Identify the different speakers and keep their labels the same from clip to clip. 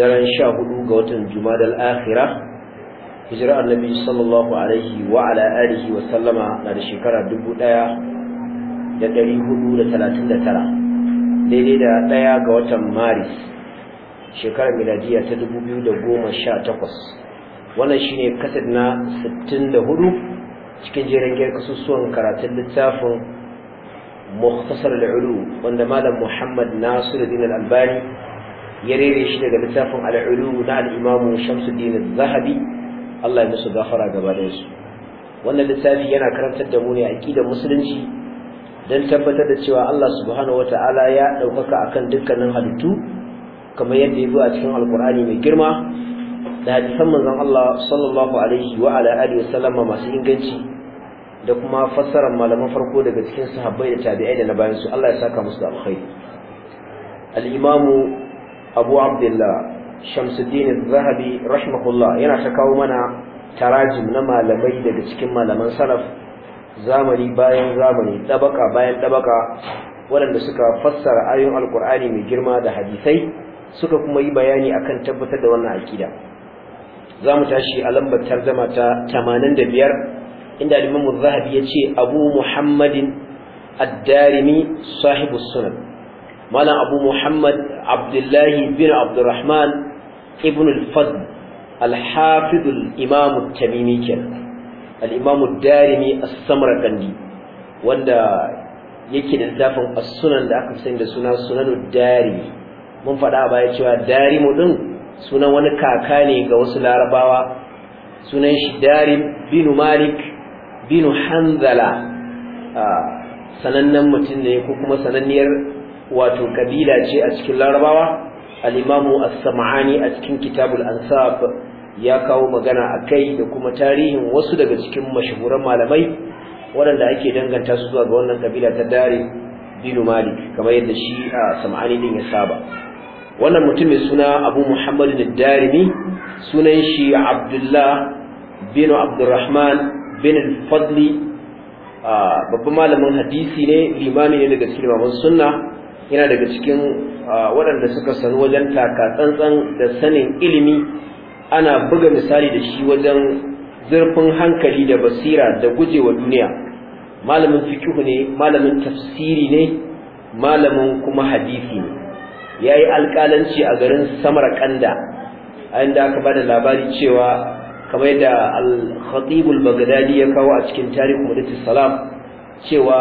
Speaker 1: daren sha hudu ga watan jumadal akhira hijira annabi sallallahu alaihi wa ala alihi wa sallama na da shekara dubu daya da dari hudu da talatin da tara daidai da daya ga watan maris shekarar miladiya ta dubu biyu da goma sha takwas wannan shine kasad na sittin da hudu cikin jerin gyar karatun littafin mukhtasar al'ulu wanda malam muhammad nasiru din albani ya rere shi daga littafin al'ulu na al'imamu shamsuddin zahabi Allah ya musu gafara gaba da su wannan littafi yana karantar da mu ne aqidar musulunci dan tabbatar da cewa Allah subhanahu wataala ya daukaka akan dukkanin halittu kamar yadda ya zo a cikin alkur'ani mai girma da hadisan manzon Allah sallallahu alaihi wa ala alihi masu inganci da kuma fassarar malaman farko daga cikin sahabbai da tabi'ai da na bayan su Allah ya saka musu da alkhairi al-imamu abu abdullah shamsuddin zahabi rahimahullah yana ta kawo mana tarajim na malamai daga cikin malaman salaf zamani bayan zamani dabaka bayan dabaka waɗanda suka fassara ayoyin alkur'ani mai girma da hadisai suka kuma yi bayani akan tabbatar da wannan akida za mu tashi a lambar tarzama ta 85 inda al zahabi ya ce abu muhammadin ad sahibu sunan malam abu muhammad abdullahi bin abdurrahman ibn al-fadl al-hafiz al-imam at-tamimi kenan al-imam ad-darimi as-samarqandi wanda yake da littafin as-sunan da aka sani da suna sunanud darimi mun faɗa a baya cewa darimu din sunan wani kaka ne ga wasu larabawa sunan shi dari. bin malik bin hanzala ah, sanannen mutum ne ko kuma sananniyar wato kabila ce a cikin larabawa al-imamu as-sam'ani a cikin kitabul ansab ya kawo magana a kai da kuma tarihin wasu daga cikin mashahuran malamai waɗanda ake danganta su zuwa ga wannan kabila ta dare binu malik kamar yadda shi a sam'ani din ya saba wannan mutum suna abu muhammadu da darimi sunan shi abdullah bin abdurrahman bin fadli babban malamin hadisi ne limami ne daga cikin sunna yana daga cikin waɗanda suka sanu wajen taka tsantsan da sanin ilimi ana buga misali da shi wajen zurfin hankali da basira da gujewa duniya malamin fikihu ne malamin tafsiri ne malamin kuma hadisi ne ya yi alƙalanci a garin samarkanda a inda aka ba da labari cewa kamar yadda al-khatibul bagdadi ya kawo a cikin tarihin mudatis salam cewa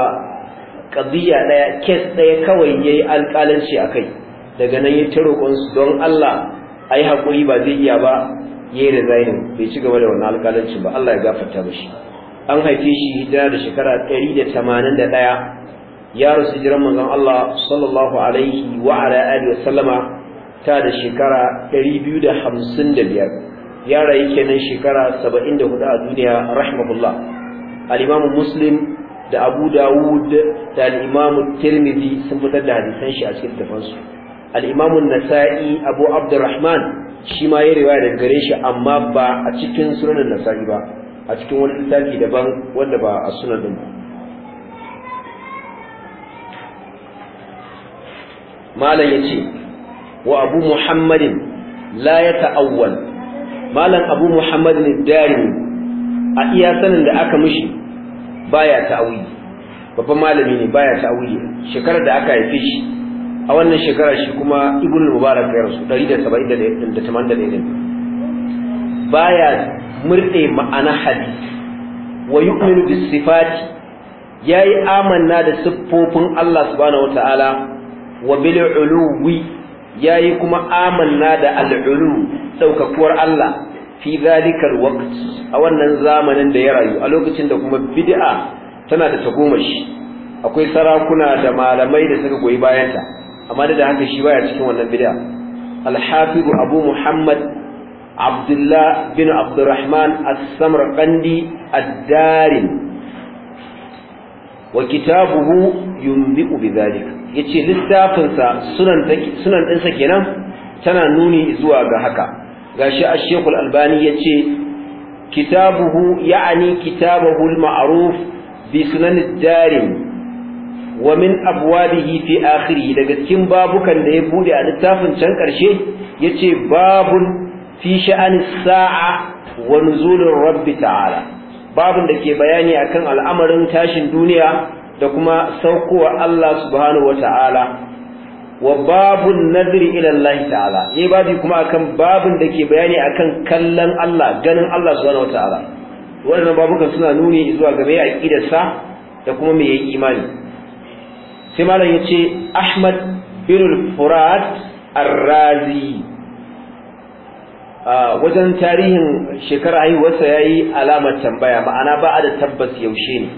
Speaker 1: qadiya daya kes daya kawai yayi alƙalanci akai daga nan ya ta roƙon su don Allah ai hakuri ba zai iya ba yayi resign bai ci gaba da wannan alƙalancin ba Allah ya gafarta mishi an haife shi hijira da shekara 181 ya rasu jiran manzon Allah sallallahu alaihi wa ala alihi wa sallama ta da shekara 255 yara yake nan shekara 74 a duniya rahimahullah al-Imam Muslim da Abu Dawud da al-Imam Tirmidhi sun fitar da hadisan shi a cikin tafansu al-Imam Nasa'i Abu Abdurrahman shi ma ya riwaya daga gare shi amma ba a cikin sunan Nasa'i ba a cikin wani littafi daban wanda ba a sunan din ba malam ce wa abu muhammadin la ya ta'awwal malam abu muhammadin darimi a iya sanin da aka mishi baya ta'awili babban malami ne baya ta'awili shekarar da aka haife shi a wannan shekarar shi kuma ibn mubarak ya rasu 171 baya murde ma'ana hadisi wa yu'minu bis sifat yayi amanna da siffofin Allah subhanahu wataala wa bil uluwi yayi kuma amanna da al ulu saukakuwar Allah fi zalikar waqt a wannan zamanin da ya rayu a lokacin da kuma bid'a tana da tagomashi akwai sarakuna da malamai da suka goyi bayanta amma da haka shi baya cikin wannan bid'a al-hafiz abu muhammad abdullah bin abdurrahman as-samarqandi ad-darin wa kitabuhu yumdiku bidhalik yace littafin sa sunan sunan din sa kenan tana nuni zuwa ga haka gashi a shekul albani yace kitabuhu ya'ani kitabahu al-ma'ruf bi sunan wa min abwabihi fi akhirih daga cikin babukan da ya bude a littafin can karshe yace babun fi sha'an sa'a wa nuzulir rabbi ta'ala babun da ke bayani akan al'amarin tashin duniya da kuma saukowa Allah subhanahu wata'ala wa babun nadri ila Allah ta'ala ne babu kuma akan babun da ke bayani akan kallon Allah ganin Allah subhanahu wataala wannan babukan suna nuni zuwa ga mai aqidar sa da kuma mai yayi imani sai malam yace Ahmad bin al-Furat ar-Razi wajen tarihin shekarar haihuwarsa yayi alamar tambaya ma'ana ba a da tabbas yaushe ne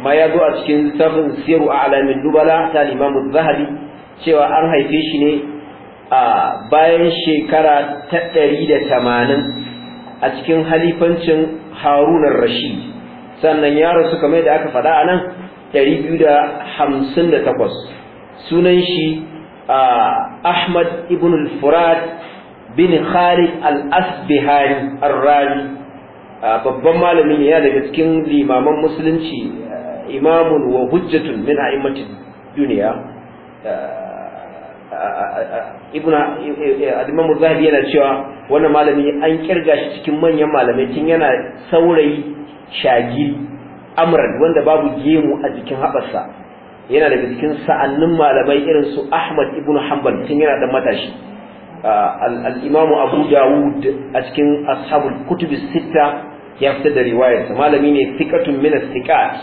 Speaker 1: amma ya zo a cikin tafsirin siru a'lamin dubala ta al-Imam zahabi cewa an haife shi ne a bayan shekara ta ɗari da tamanin a cikin halifancin harunar Rashi, sannan yaro rasu kamar da aka faɗa a nan ɗari biyu da hamsin da takwas sunan shi a ahmad ibn al-furat bin khalid al-asbihani al-rani babban malamin ya daga cikin limaman musulunci imamun wa hujjatun min a'immatid duniya ibnu al-imam zahabi yana cewa wannan malami an kirga shi cikin manyan malamai tun yana saurayi shagi amran wanda babu gemu a jikin habarsa yana daga cikin sa'annin malamai irin su ahmad ibnu hanbal tun yana da matashi al-imam abu dawud a cikin ashabul kutubi sitta ya fitar da riwayarsa malami ne thiqatun min as-thiqat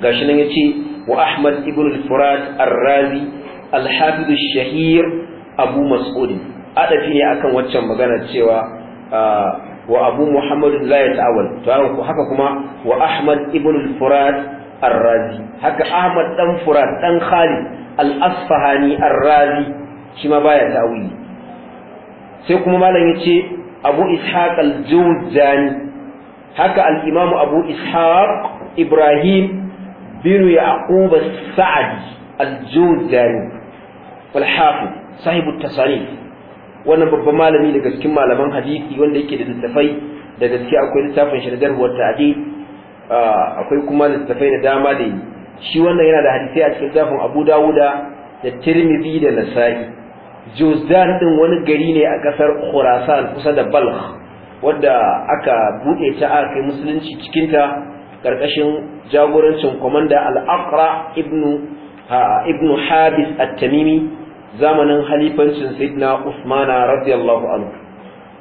Speaker 1: gashi nan yace wa ahmad ibn al-furat ar-razi alhafidu shahir abu mas'ud adafi ne akan waccan magana cewa ah, wa abu muhammad la yata'awal to haka kuma wa ahmad ibn al-furat ar-razi haka ahmad dan furat dan khalid al-asfahani ar-razi shi ma baya ta'awili sai kuma malam yace abu ishaq al-juzani haka al-imam abu ishaq ibrahim bin yaqub as-sa'di al-juzani wal sahibu tasarif wannan babban malami daga cikin malaman hadisi wanda yake da littafai da gaske akwai littafin shi da darbuwar ta'adi akwai kuma littafai da dama da shi wannan yana da hadisai a cikin littafin Abu Dawuda da Tirmidhi da Nasa'i Juzdan din wani gari ne a kasar Khurasan kusa da Balkh wadda aka buɗe ta aka kai musulunci cikinta karkashin jagorancin komanda Al-Aqra Ibnu ibn Habis At-Tamimi zamanin halifancin sayyidina Usmana radiyallahu anhu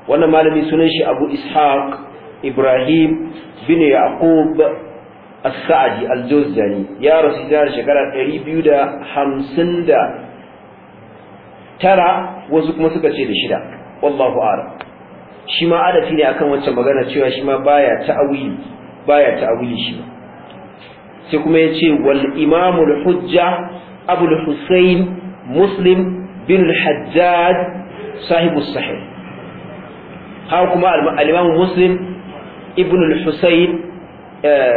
Speaker 1: wannan malami sunan shi Abu Ishaq Ibrahim bin Yaqub As-Sa'di Al-Juzani ya rasu da shekara 250 da tara wasu kuma suka ce da shida wallahu a'lam shi ma adafi ne akan wancan magana cewa shi ma baya ta'awili baya ta'awili shi sai kuma yace wal imamul hujja abul husayn muslim bin hajjaj sahibu sahih haka kuma al'imam muslim ibn al-husayn eh,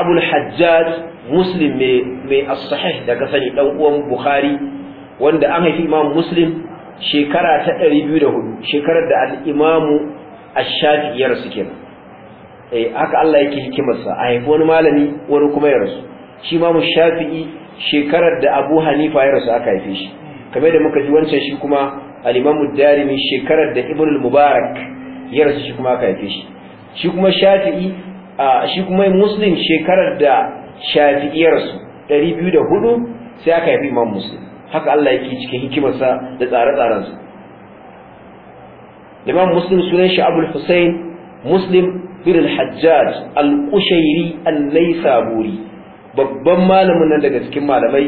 Speaker 1: abul hajjaj muslim mai as-sahih daga sani dan uwan bukhari wanda an haifi imam muslim shekara ta 204 shekarar da al-imamu ash-shafi'i ya rasu kenan eh, haka Allah yake hikimarsa a haifi wani malami wani kuma ya rasu shi shekarar da Abu Hanifa ya rasu aka haife shi kamar da muka ji wancan shi kuma al-Imam darimi shekarar da Ibn mubarak ya rasu shi kuma aka haife shi shi kuma Shafi'i shi kuma Muslim shekarar da Shafi'i ya rasu 204 sai aka haifi Imam Muslim haka Allah yake cikin hikimarsa da tsare-tsarensa Imam Muslim sunan shi Abu Hussein Muslim bin al-Hajjaj al-Qushairi al-Laysaburi babban malamin nan daga cikin malamai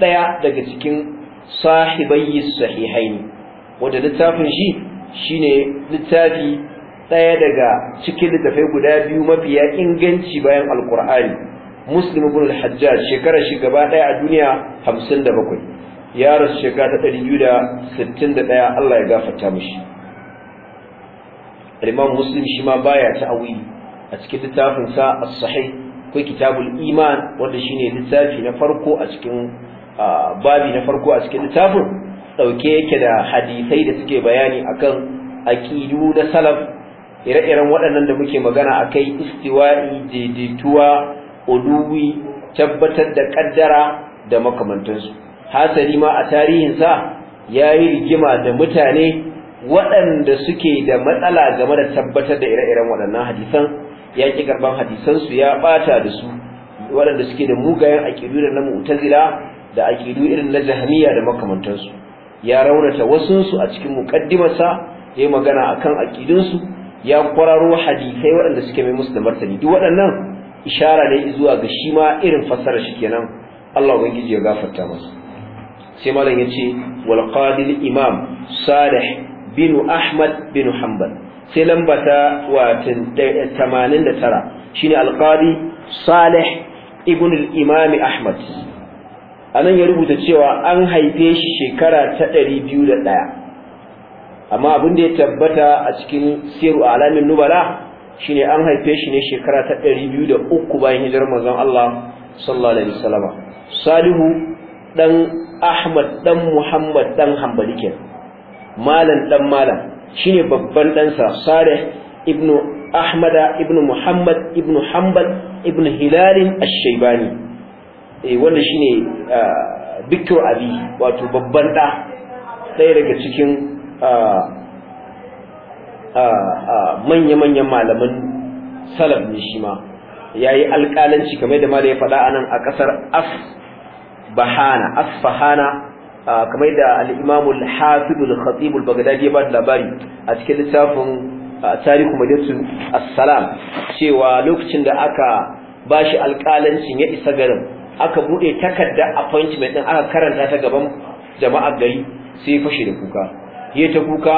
Speaker 1: ɗaya daga cikin sahibai sahihaini wanda littafin shi shine littafi ɗaya daga cikin littafai guda biyu mafiya inganci bayan alkur'ani muslim ibn al-hajjaj shekarar shi gaba ɗaya a duniya 57 ya rasu shekara ta 261 Allah ya gafarta mishi al-imam muslim shi ma baya ta'awili a cikin littafin sa as-sahih akwai kitabul iman wanda shine littafi na farko a cikin babi na farko a cikin littafin dauke yake da hadisai da suke bayani akan aqidu na salaf ire-iren waɗannan da muke magana akai istiwa'i daidaituwa uduwi tabbatar da kaddara da makamantansu hasari ma a tarihinsa yayi rigima da mutane waɗanda suke da matsala game da tabbatar da ire-iren waɗannan hadisan ya ki karban hadisansu ya ɓata da su waɗanda suke da mugayen aƙidu da na mu'tazila da aƙidu irin na jahmiya da makamantansu ya raunata wasunsu a cikin muƙaddimarsa ya yi magana akan aƙidunsu ya kwararo hadisai waɗanda suke mai musu da martani duk waɗannan ishara ne zuwa ga shi ma irin fassarar shi kenan Allah ubangiji ya gafarta masa sai malam yace wal qadil imam salih bin ahmad bin hanbal sai lamba ta watin 89 shine alqadi salih ibn al-imam ahmad anan ya rubuta cewa an haife shi shekara ta 201 amma abin da ya tabbata a cikin siru alamin nubala shine an haife shi ne shekara ta 203 bayan hijirar manzon Allah sallallahu alaihi wasallam salihu dan ahmad dan muhammad dan hanbali malam dan malam shine babban ɗansa sare ibn ahmada ibn Muhammad ibn Hanbal ibn Hilal ash-Shaybani eh wanda shine ah, Victor Abi wato babban ɗa ɗaya daga cikin ah, ah, manya-manyan malaman salaf ne shi ma ya yi alƙalanci kamar da ma da ya faɗa anan a ƙasar Asfahana Asfahana kamar da al-imamul hafidul al bagdadi ya ba labari a cikin littafin tarihu as assalam cewa lokacin da aka bashi alƙalancin ya isa garin aka bude takarda appointment din aka karanta ta gaban jama'ar gari sai fashe da kuka ya ta kuka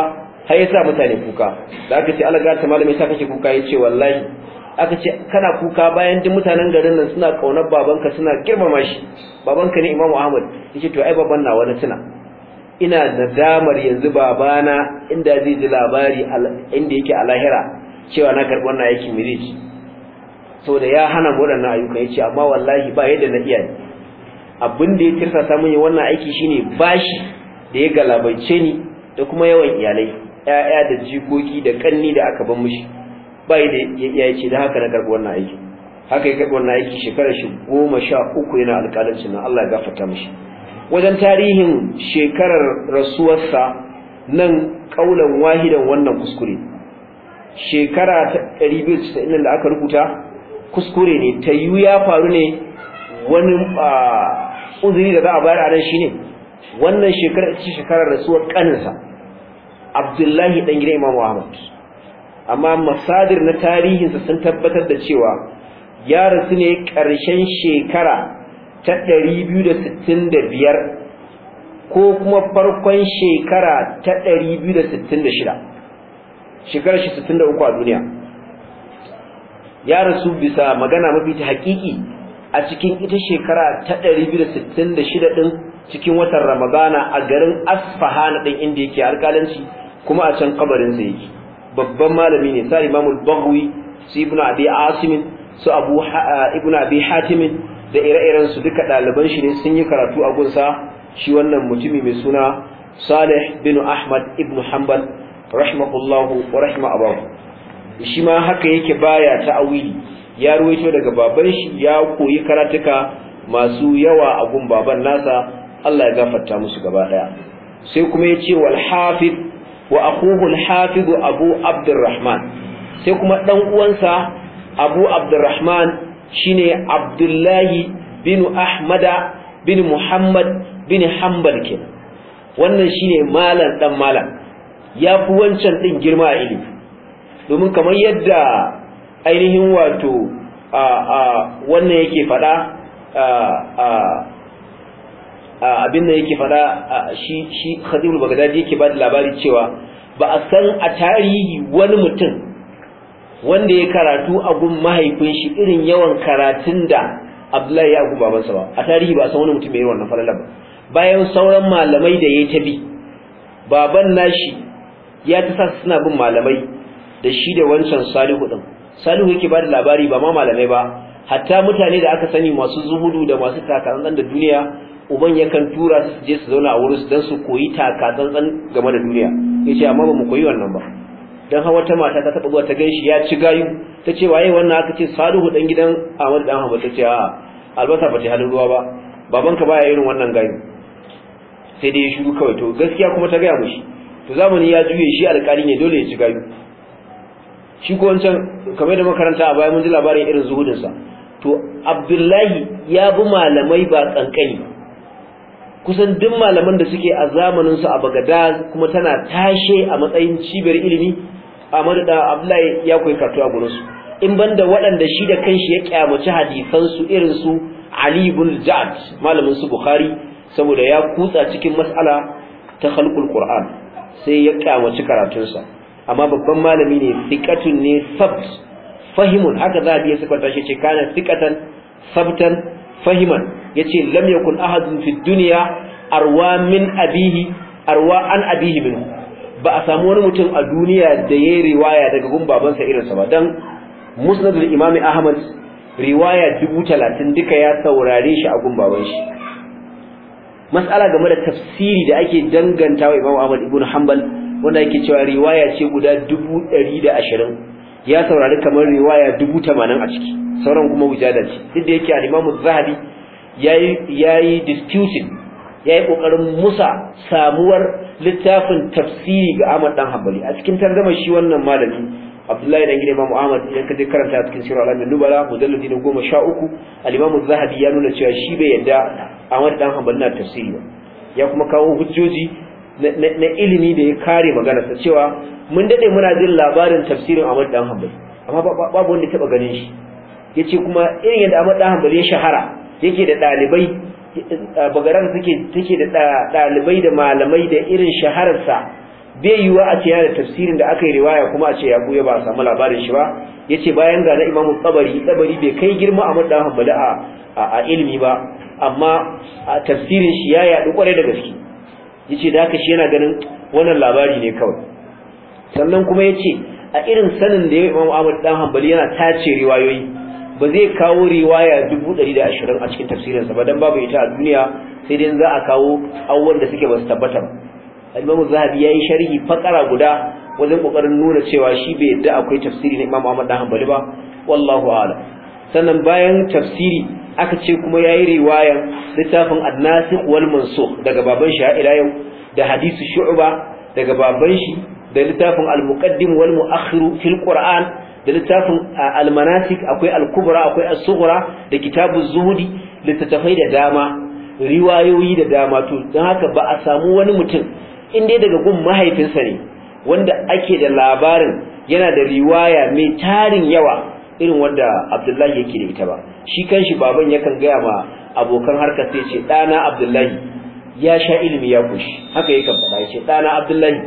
Speaker 1: har ya sa mutane kuka da aka ce alaga ta malamai sa kake kuka ya ce wallahi aka ce kana kuka bayan duk mutanen garin nan suna kaunar babanka suna girmama shi babanka ne Imam Ahmad yace to ai baban nawa tuna ina damar yanzu babana inda zai ji labari inda yake a lahira cewa na karɓi wannan aikin me zai saboda ya hana waɗannan ayyuka yace amma wallahi ba yadda na iya abin da ya tirsa samun wannan aiki shine bashi da ya galabance ni da kuma yawan iyalai ƴaƴa da jikoki da kanni da aka ban mushi bai da ya iya ce da haka na karɓi wannan aiki haka ya karɓi wannan aiki shekarar shi goma sha uku yana alƙalancin nan, Allah ya gafarta mishi wajen tarihin shekarar rasuwarsa nan kaulan wahidan wannan kuskure shekara ta ɗari biyu da aka rubuta kuskure ne ta yiwu ya faru ne wani uzuri da za a bayar a nan shine wannan shekarar ita ce shekarar rasuwar ƙaninsa abdullahi ɗan gidan imamu ahmad amma masadir na tarihinsa sun tabbatar da cewa ya rasu ne ƙarshen shekara ta 265 ko kuma farkon shekara ta 266 shekarar shi 63 a duniya ya rasu bisa magana mafi ta hakiki a cikin ita shekara ta 266 din cikin watan ramadana a garin Asfahana din inda yake alƙalanci kuma a can kabarin zai yake babban malami ne sa imamul bagwi su ibn abi asimin su abu eh, ibn abi hatimin da ire-iren su duka ɗaliban shi ne sun yi karatu a gunsa shi wannan mutumi mai suna salih bin ahmad ibn hanbal rahimahullahu wa rahima abahu shi ma haka yake baya ta awili ya ruwaito daga baban shi ya koyi karatuka masu yawa a gun baban nasa Allah ya gafarta musu gaba daya sai kuma ya ce wal hafiz wa akuhu al abu abdurrahman sai kuma ɗan uwansa abu abdurrahman shine abdullahi bin ahmada bin muhammad bin hanbal ke wannan shine malam ɗan malam ya fi wancan ɗin girma a ilimi domin kamar yadda ainihin wato a wannan yake fada abin da yake fada shi shi Khadim Baghdadi yake ba da labari cewa ba a san a tarihi wani mutum wanda ya karatu a gun mahaifin shi irin yawan karatun da Abdullahi ya gu babansa ba a tarihi ba a san wani mutum mai wannan falala ba bayan sauran malamai da ya tabi baban nashi ya ta sa suna bin malamai da shi da wancan Salihu din Salihu yake ba da labari ba ma malamai ba hatta mutane da aka sani masu zuhudu da masu takarantar da duniya uban yakan tura su je su zauna a wurin su dan su koyi taka tsantsan game da duniya yace amma ba mu koyi wannan ba dan hawa ta mata ta taba zuwa ta ganshi ya ci gayu tace waye wannan aka ce Salihu dan gidan Ahmad dan Ahmad tace a albasa ba ta halin ruwa ba babanka baya irin wannan gayu sai dai ya shiru kawai to gaskiya kuma ta gaya mushi to zamani ya juye shi alƙali ne dole ya ci gayu shi ko wancan kamar da makaranta a baya mun ji labarin irin zuhudinsa to abdullahi ya bi malamai ba kankani kusan duk malaman da suke a zamanin su a Bagada kuma tana tashe a matsayin cibiyar ilimi Ahmad da Abdullahi ya koyi karatu a gurin su in banda waɗanda shi da kanshi ya kyamaci hadisan su irin su Ali ibn Ja'd malamin su Bukhari saboda ya kutsa cikin mas'ala ta khalqul Qur'an sai ya kyamaci karatun sa amma babban malami ne thiqatun ne sabt fahimun haka za a biya suka tashi ce kana thiqatan sabtan fahiman yace lam yakun ahadun fi dunya arwa min abihi arwa an abihi min ba a samu wani mutum a duniya da yayi riwaya daga gun babansa irin sa ba dan musnadul imami ahmad riwaya 30 duka ya saurare shi a gun baban shi mas'ala game da tafsiri da ake danganta wa imam ahmad ibn hanbal wanda yake cewa riwaya ce guda 120 ya saurari kamar riwaya 80 a ciki sauran kuma wujada ce duk da yake al-imam az-zahabi ya yi disputing ya yi ƙoƙarin musa samuwar littafin tafsiri ga Ahmad ɗan hambali a cikin tarjumar shi wannan malami Abdullahi dan gidan imamu Ahmad idan ka je karanta a cikin shirar al-Alamin Nubala mujalladi na goma sha uku alimamu zahabi ya nuna cewa shi bai yadda Ahmad dan hambali na tafsiri ba ya kuma kawo hujjoji na ilimi da ya kare magana sa cewa mun dade muna jin labarin tafsirin Ahmad dan hambali amma babu wanda taba ganin shi Ya ce kuma irin yadda Ahmad dan hambali ya shahara yake da ɗalibai bagaran take da ɗalibai da malamai da irin shahararsa bai yiwuwa a ce yana da tafsirin da aka yi riwaya kuma a ce ya goya ba a samu labarin shi ba ya ce bayan ga na imamu tsabari tsabari bai kai girma a madan hambali a ilimi ba amma tafsirin shi ya yaɗu kwarai da gaske ya ce da haka shi yana ganin wannan labari ne kawai sannan kuma ya ce a irin sanin da ya imamu ahmad dan hambali yana tace riwayoyi ba zai kawo riwaya ashirin a cikin tafsirinsa ba don babu ita a duniya sai dai za a kawo awwan da suke basu tabbata ba Imam Zahabi yi sharhi fakara guda wajen ƙoƙarin nuna cewa shi bai yadda akwai tafsiri na Imam Ahmad dan Hanbali ba wallahu a'lam sannan bayan tafsiri aka ce kuma ya yi riwayan littafin an wal Mansukh daga baban shi ila yau da hadisi Shu'ba daga baban shi da littafin Al-Muqaddim wal Mu'akhkhir fil Qur'an da littafin almanasik akwai alkubra akwai asugura da kitabuz zuhudi littattafai da dama riwayoyi da dama to don haka ba a samu wani mutum in dai daga gun mahaifinsa ne wanda ake da labarin yana da riwaya mai tarin yawa irin wanda Abdullahi yake da ita ba shi kanshi baban yakan gaya ma abokan harka sai ce dana Abdullahi ya sha ilimi ya kushi haka yakan faɗa ya ce dana Abdullahi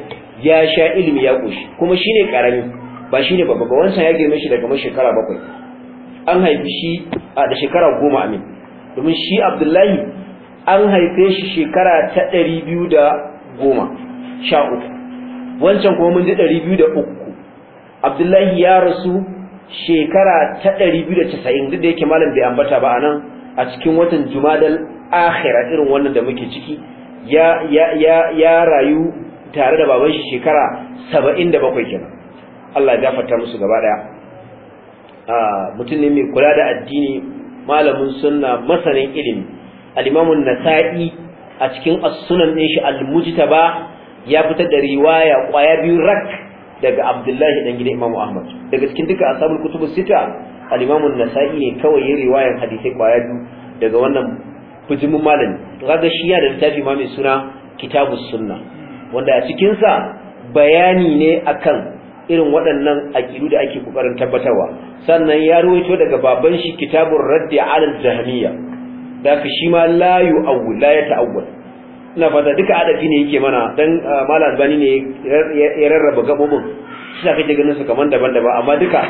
Speaker 1: ya sha ilimi ya kushi kuma shine karami ba shi ne babba ba wancan ya girme shi daga shekara bakwai an haifi shi a da shekara goma amin domin shi abdullahi an haife shi shekara ta ɗari biyu da goma sha uku wancan kuma mun ji ɗari biyu da uku abdullahi ya rasu shekara ta ɗari biyu da casa'in duk da yake malam bai ambata ba a nan a cikin watan jumadal akhira irin wannan da muke ciki ya rayu tare da baban shi shekara saba'in da bakwai kenan Allah ya fata musu gaba daya ah, mutum ne mai kula da addini malamin sunna masanin ilimi al-Imam an-Nasa'i a cikin as-Sunan din shi al-Mujtaba ya fitar da riwaya kwaya biyu rak daga Abdullahi dan gidan Imam Ahmad daga cikin duka asabul kutubus sita al-Imam an-Nasa'i ne kawai ya riwayan hadisi kwaya biyu daga wannan bijimin malami to kaga shi ya da littafi ma mai suna kitabus sunna wanda a cikin sa bayani ne akan irin waɗannan aqidu da ake kokarin tabbatarwa sannan ya ruwaito daga baban shi kitabur raddi ala jahmiya da ka shi ma la yu'awwil la yata'awwal ina fata duka adafi ne yake mana dan ah, malam bani ne ya rarraba gabobin shi da kake ganin su kaman daban-daban amma duka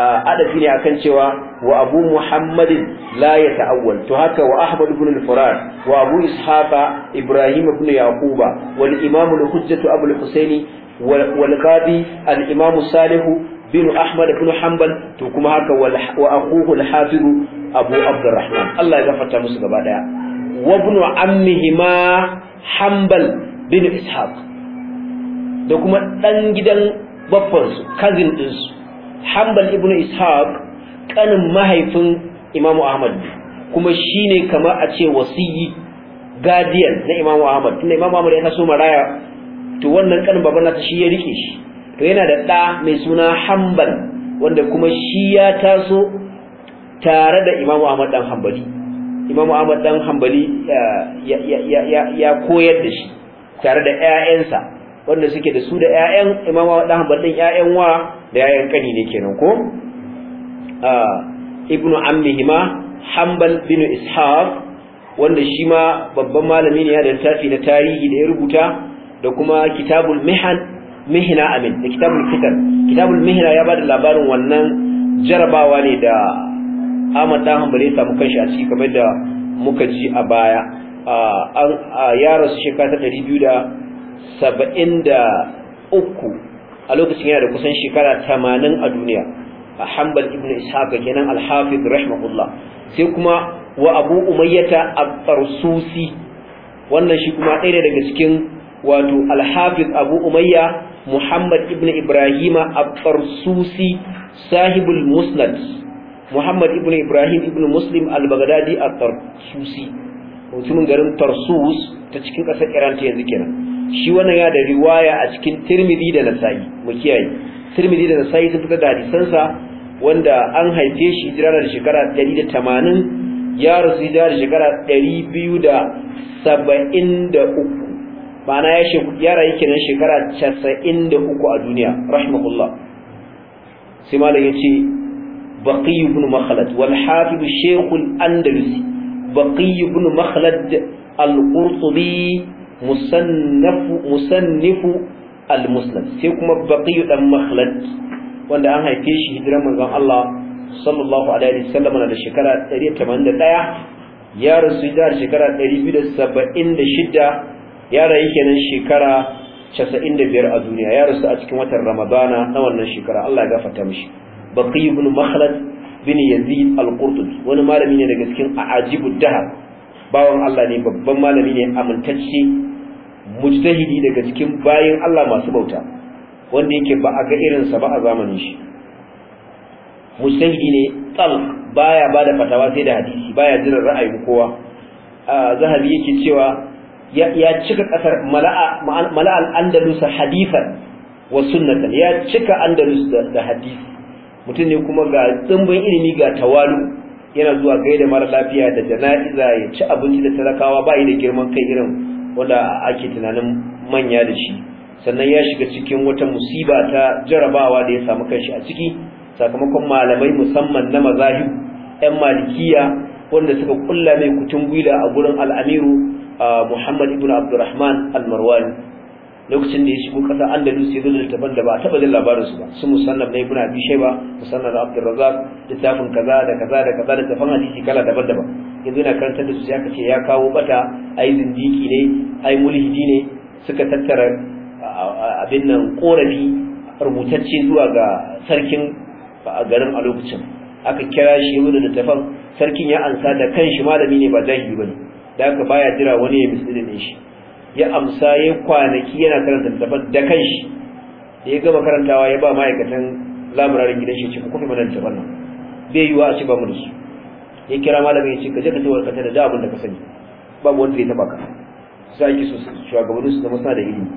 Speaker 1: adafi ne akan cewa wa abu muhammadin la ya ta'awwal to haka wa ahmad ibn al-furar wa abu ishaqa ibrahim ibn yaquba wal imam al-hujjatu abu al-husaini wal qadi al-imam salih bin ahmad ibn hanbal to kuma haka wa akuhu al-hafiz abu abdurrahman Allah ya gafarta musu gaba daya wa ibn ammihima hanbal bin ishaq da kuma dan gidan babbansu cousin ɗinsu hanbal ibnu ishaq kanin mahaifin imamu ahmad kuma shine kamar a ce wasiyi guardian na imamu ahmad tunda imamu ahmad ya taso maraya to wannan kanin baban nasa shi ya rike shi to yana da ɗa mai suna hanbal wanda kuma shi ya taso tare da imamu ahmad dan hanbali imamu ahmad dan hanbali eh, ya koyar da shi tare da 'ya'yansa wanda suke da su da ƴaƴan imama wa dan Hanbal ƴaƴan wa da ƴaƴan kani ne kenan ko ibnu Hima, Hanbal bin Ishaq wanda shi ma babban malami ne ya da littafi na tarihi da ya rubuta da kuma kitabul mihan mihna amin da kitabul fitan kitabul mihna ya bada labarin wannan jarabawa ne da Ahmad dan Hanbal ya samu kanshi a ciki kamar da muka ji a baya a ya rasu shekara ta 200 saba'in da uku a lokacin yana da kusan shekara tamanin a duniya a hanbal ibn ishaq kenan alhafiz rahimahullah sai kuma wa abu umayyata at-tarsusi wannan shi kuma ɗaya daga cikin wato alhafiz abu umayya muhammad ibn Ibrahim at-tarsusi sahibul musnad muhammad ibn ibrahim ibn muslim al-baghdadi at-tarsusi mutumin garin tarsus ta cikin ƙasar iran ta yanzu kenan shi wannan ya da riwaya a cikin tirmidhi da nasa'i mu kiyaye tirmidhi da nasa'i sun fitar da hadisansa wanda an haife shi hijira da shekara 180 ya rasu hijira da shekara 273 ma'ana ya ya rayu kenan shekara 93 a duniya rahimahullah sai malam yace baqi ibn makhlad wal hafiz shaykh al-andalusi baqi ibn makhlad al-qurtubi musannifu al-muslim sai kuma baqiyu dan makhlad wanda an haife shi hijiran manzon Allah sallallahu alaihi wasallam da shekara 181 ya rasu da shekara 276 ya rayu kenan shekara 95 a duniya ya rasu a cikin watan Ramadana na wannan shekara Allah ya gafarta mishi baqiyu ibn Mahlad bin yazid al-qurtubi wani malami ne daga cikin ajibud dahab bawan Allah ne babban malami ne amintacce mujtahidi daga cikin bayin Allah masu bauta wanda yake ba a ga irinsa ba a zamanin shi mujtahidi ne tsal baya bada fatawa sai da hadisi baya jiran ra'ayin kowa zahabi yake cewa ya cika kasar mala'al andalus hadithan wa sunnatan ya cika andalus da hadisi mutum ne kuma ga tsimbin ilimi ga tawalu yana zuwa gaida mara lafiya da jana'iza ya ci abinci da talakawa ba da girman kai irin wanda ake tunanin manya da shi sannan ya shiga cikin wata musiba ta jarabawa da ya samu kanshi a ciki sakamakon malamai musamman na mazahib yan malikiya wanda suka kulla mai kutun gwila a gurin al'amiru muhammad ibn abdurrahman al-marwani lokacin da ya shigo kasar andalus ya zo da da ba taɓa jin labarin su ba su musannaf na ibn abi shayba musannaf abdurrazzaq littafin kaza da kaza da kaza da tafan hadisi kala daban-daban yanzu ina karantar da su sai aka ce ya kawo bata ai zindiki ne ai mulhidi ne suka tattara abin nan korafi rubutacce zuwa ga sarkin garin a lokacin aka kira shi wani da littafan sarkin ya ansa da kan shi malami ne ba zahiri ba ne da aka baya jira wani ya ne shi ya amsa ya kwanaki yana karanta littafin da kanshi da ya gama karantawa ya ba ma'aikatan lamurarin gidan shi cikin kuma mana littafin nan bai yiwa a ci ba mu da su ya kira malamin ya ce ka je ka tawar kata da da abin da ka sani babu wanda ya taba ka sai ake so shugabanni su zama suna da ilimi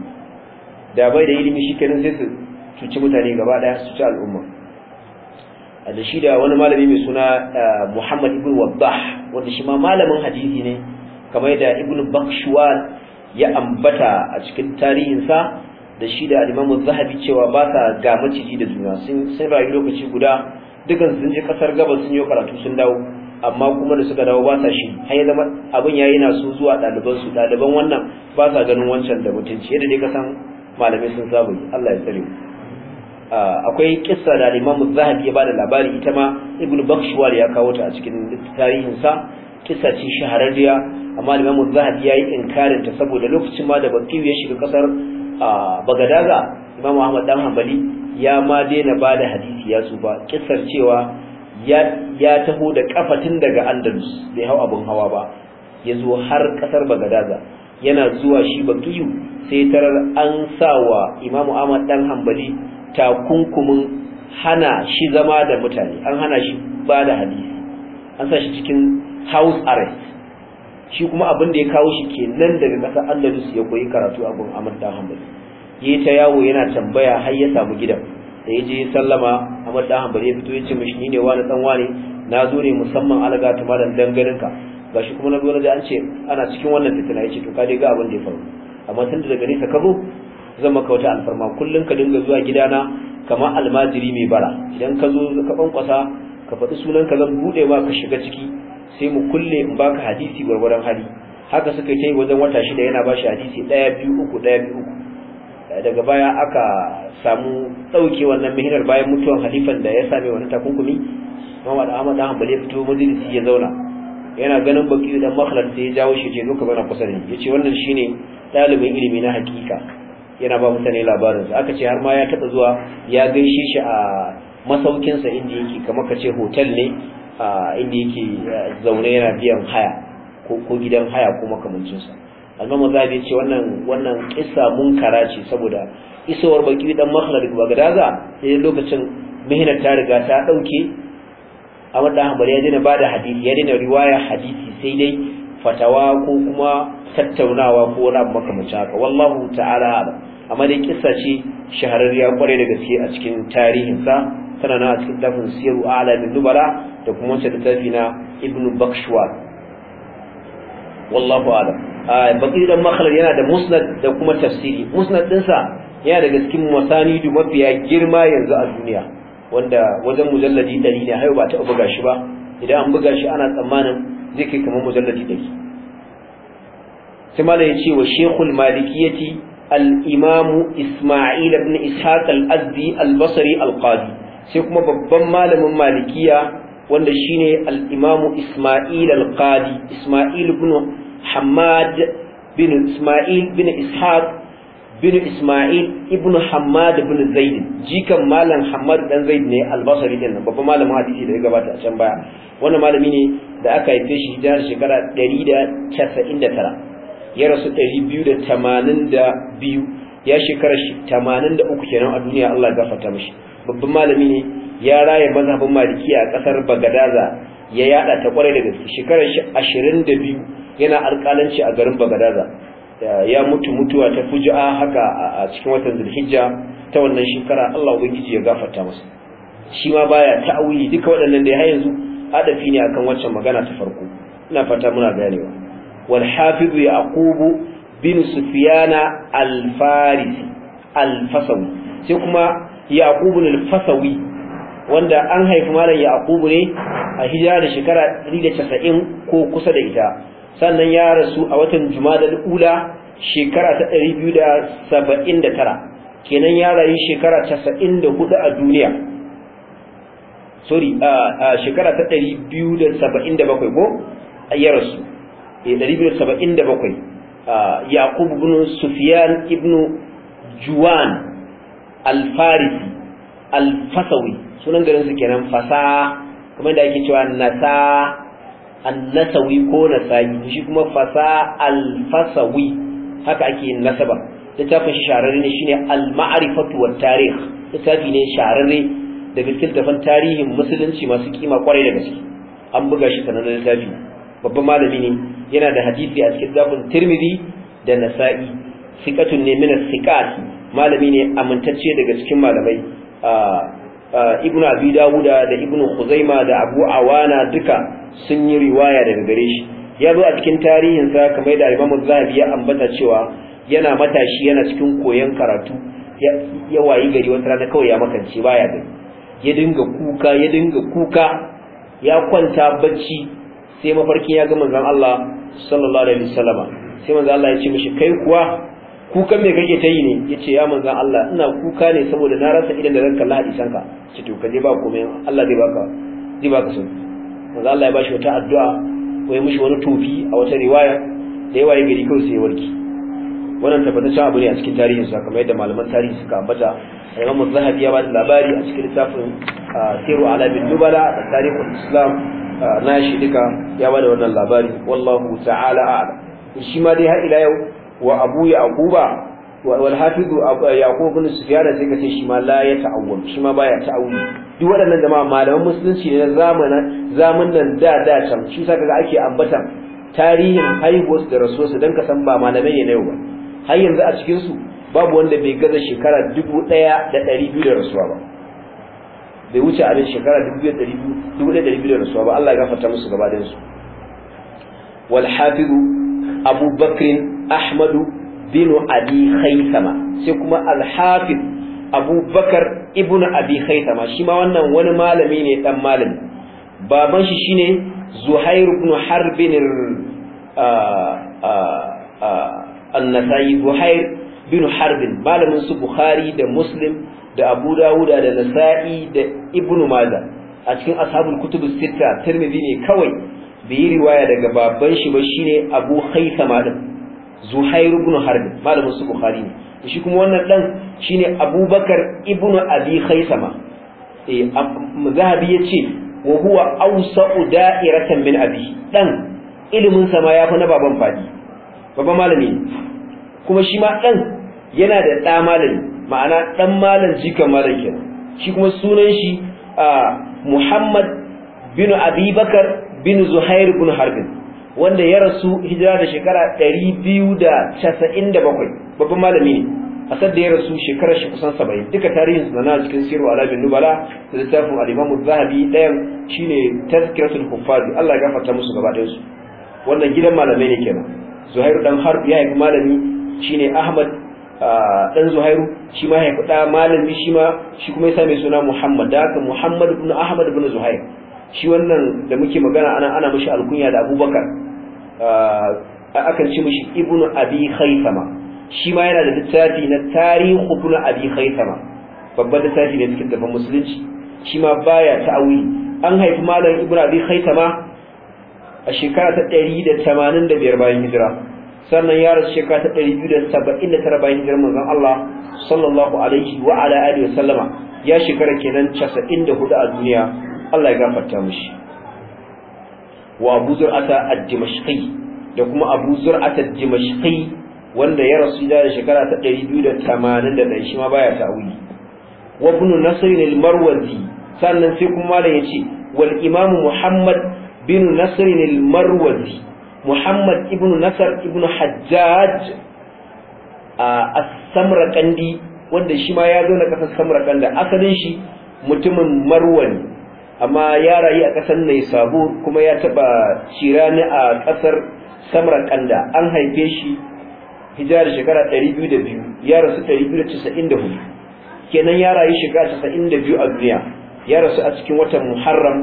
Speaker 1: da bai da ilimi shi kenan sai su cuci mutane gaba daya su ci al'umma da shi da wani malami mai suna eh, Muhammad ibn Wabbah wanda shi ma malamin hadisi ne kamar da Ibn Bakshwal ya ambata a cikin tarihinsa da shi da alimamu zahabi cewa ba sa ga maciji da juna sun rayu lokaci guda dukan sun je kasar gabas sun yi karatu sun dawo amma kuma da suka dawo ba sa shi har zama abin ya yana su zuwa ɗaliban su ɗaliban wannan ba sa ganin wancan da mutunci yadda dai kasan malamai sun zabu Allah ya tsare akwai kissa da alimamu zahabi ya bada labari ita ma ibnu bakshwal ya kawo ta a cikin tarihinsa kisa ce shahararriya amma limamu zahabi ya yi inkarin ta saboda lokacin ma da bakiyu ya shiga kasar bagadaga imamu ahmad dan hanbali ya ma daina ba da hadisi ya tsufa kisar cewa ya taho da kafatin daga andalus bai hau abin hawa ba ya zo har kasar bagadaga yana zuwa shi bakiyu sai tarar an sa wa imamu ahmad dan hanbali takunkumin hana shi zama da mutane an hana shi ba da hadisi an sa shi cikin house arrest shi kuma abin da ya kawo shi kenan daga kasar andalus ya koyi karatu a gun amur dan hanbali ya ta yawo yana tambaya har ya samu gidan da ya je sallama amur dan hanbali ya fito ya ce mishi ni ne wani dan wani na zo ne musamman alaga ta malam dangarin ka gashi kuma na zo da an ce ana cikin wannan fitina ya ce to ka dai ga abin da ya faru amma tun daga nesa ka zo zan maka wata alfarma kullum ka dinga zuwa gidana kamar almajiri mai bara idan ka zo ka kwankwasa ka faɗi sunan ka zan buɗe wa ka shiga ciki sai mu kulle in baka hadisi gwargwaron hali haka suka yi yi wajen wata shida yana ba shi hadisi ɗaya biyu uku ɗaya biyu uku daga baya aka samu ɗauke wannan mihinar bayan mutuwan halifan da ya same wani takunkumi Muhammad Ahmad Ahmad ya fito majalisi ya zauna yana ganin baki da makhlal sai ya jawo shi je lokacin bana kusa da ni yace wannan shine ɗalibin ilimi na hakika yana ba mutane labarin aka ce har ma ya taɓa zuwa ya gaishe shi a masaukinsa inda yake kamar ka ce hotel ne inda yake zaune yana biyan haya ko gidan haya ko makamancinsa almamu zabi ce wannan wannan kissa munkara ce saboda isowar baki dan makhlad ba gadaza sai lokacin mihinar ta riga ta ɗauke. amma hanbali ya daina bada hadisi ya dina riwaya hadisi sai dai fatawa ko kuma tattaunawa ko wani abu makamancin haka wallahu ta'ala amma dai kissa ce shahararriya kwarai da gaske a cikin tarihinsa tana na a cikin tafin ala alamin dubara da kuma wancan littafi na ibnu bakshwa wallahu alam baki dan makhalar yana da musnad da kuma tafsiri musnad dinsa yana daga cikin masanidu mafiya girma yanzu a duniya wanda wajen mujalladi ɗari ne har ba ta buga shi ba idan an buga shi ana tsammanin zai kai kamar mujalladi dari sai malai ya ce wa shekul malikiyati al'imamu imam Isma'il ibn Ishaq al-Azdi al al-Qadi sai kuma babban malamin malikiya wanda shine al-imam Isma'il al-Qadi Isma'il ibn Hammad bin Isma'il bin Ishaq bin Isma'il ibn Hammad bin Zaid jikan malam Hammad dan Zaid ne al-Basri din babban malamin hadisi da ya gabata a can baya wannan malami ne da aka haife shi da shekara tara. ya rasu 282 ya shekara 83 kenan a duniya Allah ya gafarta mishi babban malami ne ya raya mazhabin maliki a kasar Bagadaza ya yada ta kware da gaske shekarar 22 yana alƙalanci a garin Bagadaza ya mutu mutuwa ta fuji'a haka a cikin watan Zulhijja ta wannan shekara Allah ubangiji ya gafarta masa shi ma baya ta'awili duka waɗannan da ya yanzu adafi ne akan waccan magana ta farko ina fata muna ganewa والحافظ يعقوب بن سفيان الفارسي الفسوي sai كما يعقوب الفسوي fasawi wanda an haifi malam yaqub ne a hijira da shekara 190 ko kusa da ita sannan ya rasu a watan jumada al-ula shekara ta 279 kenan ya rayu shekara 94 a duniya sorry a shekara ta 277 ko ya rasu 277 eh, ah, yaqub ibn sufyan ibn juwan al-farisi al-fasawi sunan garin su kenan fasa kuma da ake cewa nasa an-nasawi ko nasayi shi kuma fasa al-fasawi haka ake nasaba littafin shararre ne shine al-ma'rifatu wat-tarikh littafi ne shararre daga littafin tarihin musulunci masu kima kwarai da gaske an buga shi sanan littafi babban malami ne yana da hadisi a cikin zabun tirmidhi da nasa'i sikatun ne min sikat malami ne amintacce daga cikin malamai ibnu abi dawuda da ibnu khuzaima da abu awana duka sun yi riwaya daga gare shi ya zo a cikin tarihin sa kamar da imamu zahabi ya ambata cewa yana matashi yana cikin koyon karatu ya wayi gari wata rana kawai ya makance baya gari ya dinga kuka ya dinga kuka ya kwanta bacci sai mafarkin ya ga manzan Allah sallallahu alaihi wasallama sai manzan Allah ya ce mishi kai kuwa kukan me kake ta yi ne ya ce ya manzan Allah ina kuka ne saboda na rasa idan da zan kalla hadisan ka ce to ka je ba komai Allah zai baka zai baka sun manzan Allah ya bashi wata addu'a ko ya mishi wani tofi a wata riwaya da yawa ya gari kawai sai ya warke wannan ta abu ne a cikin tarihin sa kamar yadda malaman tarihi suka ambata Imam Zahabi ya ba da labari a cikin littafin Siru ala bin Nubala a tarihin Islam na shi duka ya ba da wannan labari wallahu ta'ala a'ala shi ma dai har ila yau wa Abu Yaquba al Hafiz Yaqub bin Sufyan sai ka ce shi ma la ya ta'awwal shi ma baya ta'awuli duk waɗannan jama'a malaman musulunci ne na zamanin zamanin da da can shi saka kaga ake ambatan tarihin haihuwarsu da rasuwarsu don ka san ba malamai ne na yau ba har yanzu a cikin su babu wanda bai gaza shekara 1200 da rasuwa ba bai wuce a shekara shekara 1200 da rasuwa ba Allah ya gafarta musu gaba da su wal hafiz Abu Bakr Ahmad bin Abi Khaythama sai kuma al hafiz Abu Bakar ibn Abi Khaythama shi ma wannan wani malami ne dan malami baban shi shine Zuhair ibn harbin bin ah, ah, ah, an-nasai buhair bin harbin malamin su bukhari da muslim da abu dawuda da nasa'i da ibnu maza a cikin ashabul kutubu sita tirmidhi ne kawai bai yi riwaya daga baban shi ba shine abu haithama din zuhair ibn Harbin, malamin su bukhari ne shi kuma wannan dan shine abubakar ibn abi haithama eh zahabi yace wa huwa awsa'u da'iratan min abi dan ilimin sama yafi na baban fadi babban malami kuma shi ma ɗan yana da ɗa malami ma'ana ɗan malam jikan malam kenan shi kuma sunan shi Muhammad bin Abubakar bin Zuhair bin Harbin wanda ya rasu hijira da shekara 297 babban malami ne a da ya rasu shekarar shi kusan 70 duka tarihin sunana cikin sirru alamin nubala da littafin al-Imam zahabi ɗayan shine Tazkiratul Huffaz Allah ya gafarta musu gaba su wannan gidan malamai ne kenan zuhairu dan harb ya haifi malami shine ahmad dan zuhairu shi ma haifi da malami shi ma shi kuma ya mai suna muhammad da haka muhammad ibn ahmad ibn zuhair shi wannan da muke magana ana ana mishi alkunya da abubakar akan ci mishi ibn abi khaythama shi ma yana da littafi na tarihu ibn abi khaythama babban littafi ne cikin dafa musulunci shi ma baya ta'awi an haifi malam ibn abi khaythama a shekara ta ɗari da tamanin da biyar bayan hijira sannan ya rasu shekara ta ɗari biyu da saba'in da tara bayan hijirar manzon Allah sallallahu alaihi wa ala alihi wa sallama ya shekara kenan casa'in da hudu a duniya Allah ya gafarta mishi wa Abu Zur'ata ad-Dimashqi da kuma Abu Zur'ata ad-Dimashqi wanda ya rasu da shekara ta ɗari biyu da tamanin da ɗaya shi ma baya ta'awili wa ibn Nasr al-Marwazi sannan sai kuma malam yace wal Imam Muhammad bin نصر المروزي محمد muhammad ibn ابن ibn hajjaj وند شي wanda shi ma ya سمرقند na شي samarqanda asalin shi mutumin marwan amma ya rayu a kasar naisabur kuma ya taba cirani a kasar samarqanda an haife shi hijira shekara 202 ya rasu 294 kenan ya rayu shekara 92 a duniya ya rasu a cikin watan muharram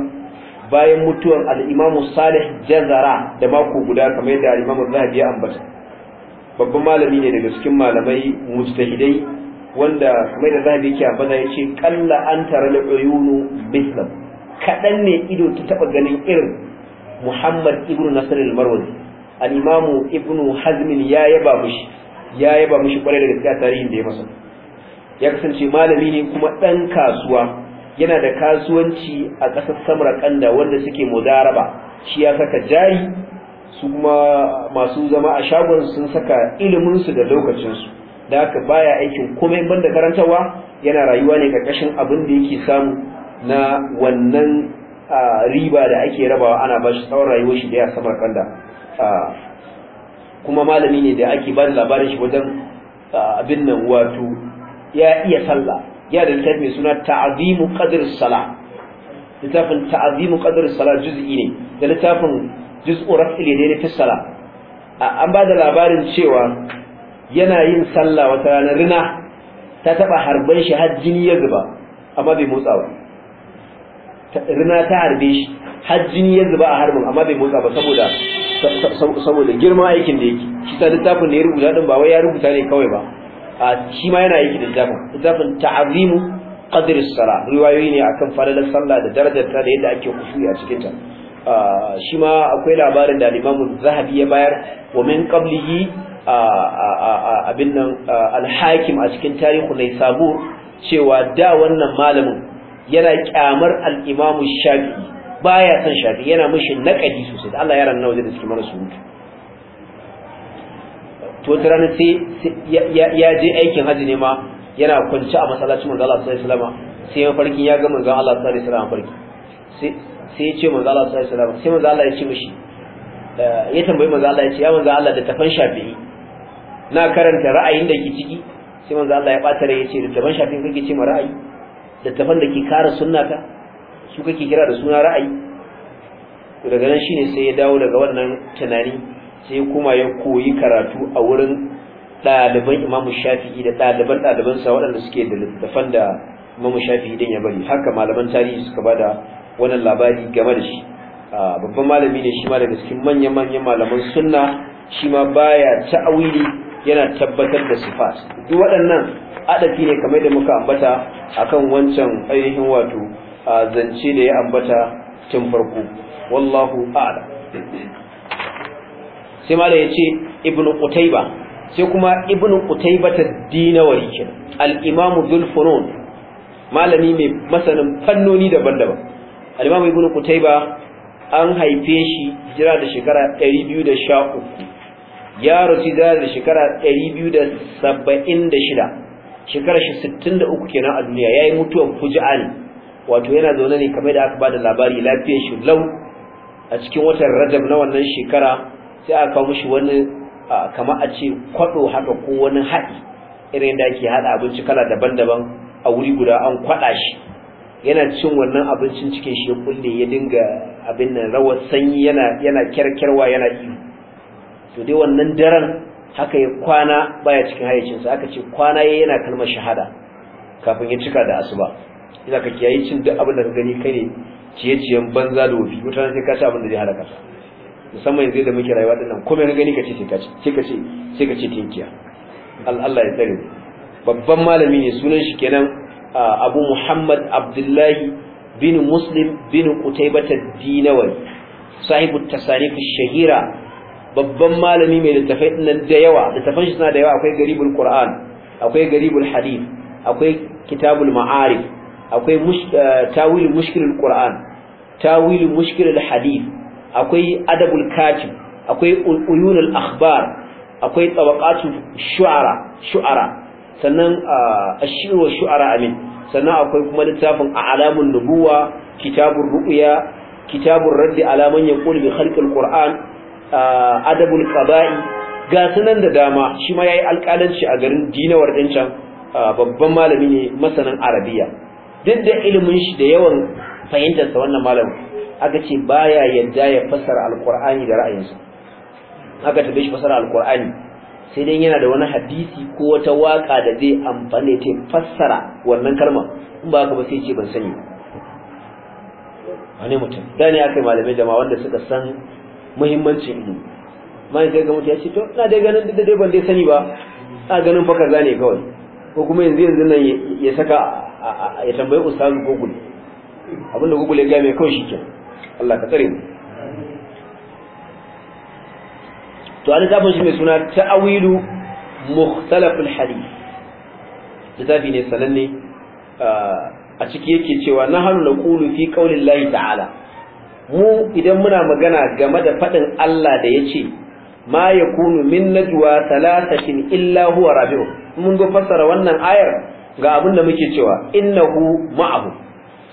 Speaker 1: bayan mutuwan al-Imam Salih Jazara da mako guda kamar yadda al-Imam Zahabi ya ambata babban malami ne daga cikin malamai mustahidai wanda kamar yadda Zahabi yake ambata yace qalla an tara al-uyunu bislam kadan ne ido ta taba ganin irin Muhammad ibn Nasr al-Marwazi al-Imam Ibn Hazm ya yaba mushi ya yaba mushi kwarai daga gaskiya tarihin da ya masa ya kasance malami ne kuma dan kasuwa yana da kasuwanci a ƙasar samarkanda wanda suke mudaraba shi ya saka jari su kuma masu zama a shagon sun saka iliminsu da lokacinsu da haka baya aikin komai banda karantarwa yana rayuwa ne ƙarƙashin abin da yake samu na wannan riba da ake rabawa ana ba shi tsawon rayuwar shi da ya samarkanda kuma malami ne da ake ba da labarin shi wajen abin nan wato ya iya sallah ya da littafi mai suna ta'azimu qadr sala littafin ta'azimu qadr sala juz'i ne da littafin juz'u raf'il yadayn fi sala an ba da labarin cewa yana yin sallah wata ranar rina ta taba harban shi har jini ya zuba amma bai motsa ba rina ta harbe shi har jini ya zuba a harbin amma bai motsa ba saboda saboda girma aikin da yake shi ta littafin da ya rubuta din ba wai ya rubuta ne kawai ba shi ma yana aiki da littafin zafin ta'azimu qadr sala riwayoyi ne akan falalar sallah da darajar ta da yadda ake kusuri a cikin ta shi ma akwai labarin da al zahabi ya bayar wa min qablihi abin nan alhakim a cikin tarihu Naisabur cewa da wannan malamin yana kyamar al-Imam Shafi'i baya son Shafi'i yana mishi naqadi sosai Allah ya ranna waje da suke mara surutu to wata sai ya je aikin hajji ne ma yana kwanci a masallacin manzo Allah sallallahu alaihi wasallam sai ya farki ya ga manzo Allah sallallahu alaihi wasallam farki sai ya ce manzo Allah sallallahu alaihi wasallam sai manzo Allah ya ce mishi eh, ya tambayi manzo Allah ya ce ya manzo Allah da tafan shafi'i na karanta ra'ayin da ke ciki sai manzo Allah ya bata rai ya ce da tafan shafi'i kake ce ma ra'ayi da tafan da ke kare ka su kake kira da suna ra'ayi daga nan shine sai ya dawo daga wannan tunani sai kuma ya koyi karatu a wurin ɗaliban imamu shafi'i da ɗaliban ɗalibansa waɗanda suke da littattafan da imamu shafi'i din ya bari haka malaman tarihi suka ba da wannan labari game da shi babban malami ne shi ma daga cikin manyan manyan malaman sunna shi ma baya ta'awili yana tabbatar da sifat duk waɗannan adafi ne kamar da muka ambata akan wancan ainihin wato zance da ya ambata tun farko wallahu a'lam sai malam ya ce ibn qutayba sai kuma ibn qutayba ta dinawari ke al-imamu dhul funun malami mai masanin fannoni daban-daban al-imamu ibn qutayba an haife shi jira da shekara 213 ya rasu jira da shekara 276 shekara shi 63 kenan a duniya yayi mutuwar fuji'an wato yana zaune ne kamar da aka bada labari lafiyar shi lau a cikin watan Rajab na wannan shekara sai aka kawo mishi wani kamar a ce kwado haka ko wani haɗi irin da ake haɗa abinci kala daban-daban a wuri guda an kwaɗa shi yana cin wannan abincin cikin shi ya kulle ya dinga abin nan rawar sanyi yana yana kyarkyarwa yana iyo to dai wannan daren haka ya kwana baya cikin hayyacinsa aka ce kwana ya yana kalmar shahada kafin ya cika da asuba ina ka kiyaye cin duk abin da ka gani kai ne ciye-ciyen banza da wofi mutane sai ka ci abin da zai halaka musamman yanzu da muke rayuwa dinnan komai ka gani ka ce sai ka ce sai ka ce tinkiya Allah ya tsare babban malami ne sunan shi kenan Abu Muhammad Abdullahi bin Muslim bin Qutaybah ad-Dinawi sahibu tasanif shahira babban malami mai littafai dinnan da yawa littafan shi suna da yawa akwai garibul Qur'an akwai garibul hadith akwai kitabul ma'arif akwai eh, tawil mushkilul Qur'an tawil mushkilul hadith akwai adabul katib akwai uyunul akhbar akwai tawaqatu shu'ara shu'ara sannan ashiru wa shu'ara amin sannan akwai kuma littafin a'lamun nubuwa kitabur ru'ya kitabur raddi ala man yaqul bi khalqil qur'an adabul qada'i ga sunan da dama shi ma yayi alƙalanci a garin dinawar din babban malami ne masanin arabiya duk da ilimin shi da yawan fahimtar sa wannan malamin aka ce baya yadda ya fasara alkur'ani da ra'ayinsa aka tabe shi fasara alkur'ani sai dai yana da wani hadisi ko wata waka da zai amfane ta fassara wannan kalma in ba ka ba sai ce ban sani wani mutum da ne aka yi malamai jama'a wanda suka san muhimmancin ilimi mai kai ga mutum ya ce to ina dai ganin da dai ban dai sani ba a ganin fakar zane kawai ko kuma yanzu yanzu nan ya saka ya tambayi ustazu google abinda google ya gaya mai kawai shi kenan Allah ka tsare mu to an zaba shi mai suna ta'awilu mukhtalaful hadith littafi ne sananne a ciki yake cewa na na naqulu fi qaulillahi ta'ala mu idan muna magana game da faɗin Allah da yace ma yakunu min najwa thalathatin illa huwa rabi'u mun go fassara wannan ayar ga abin da muke cewa innahu ma'ahu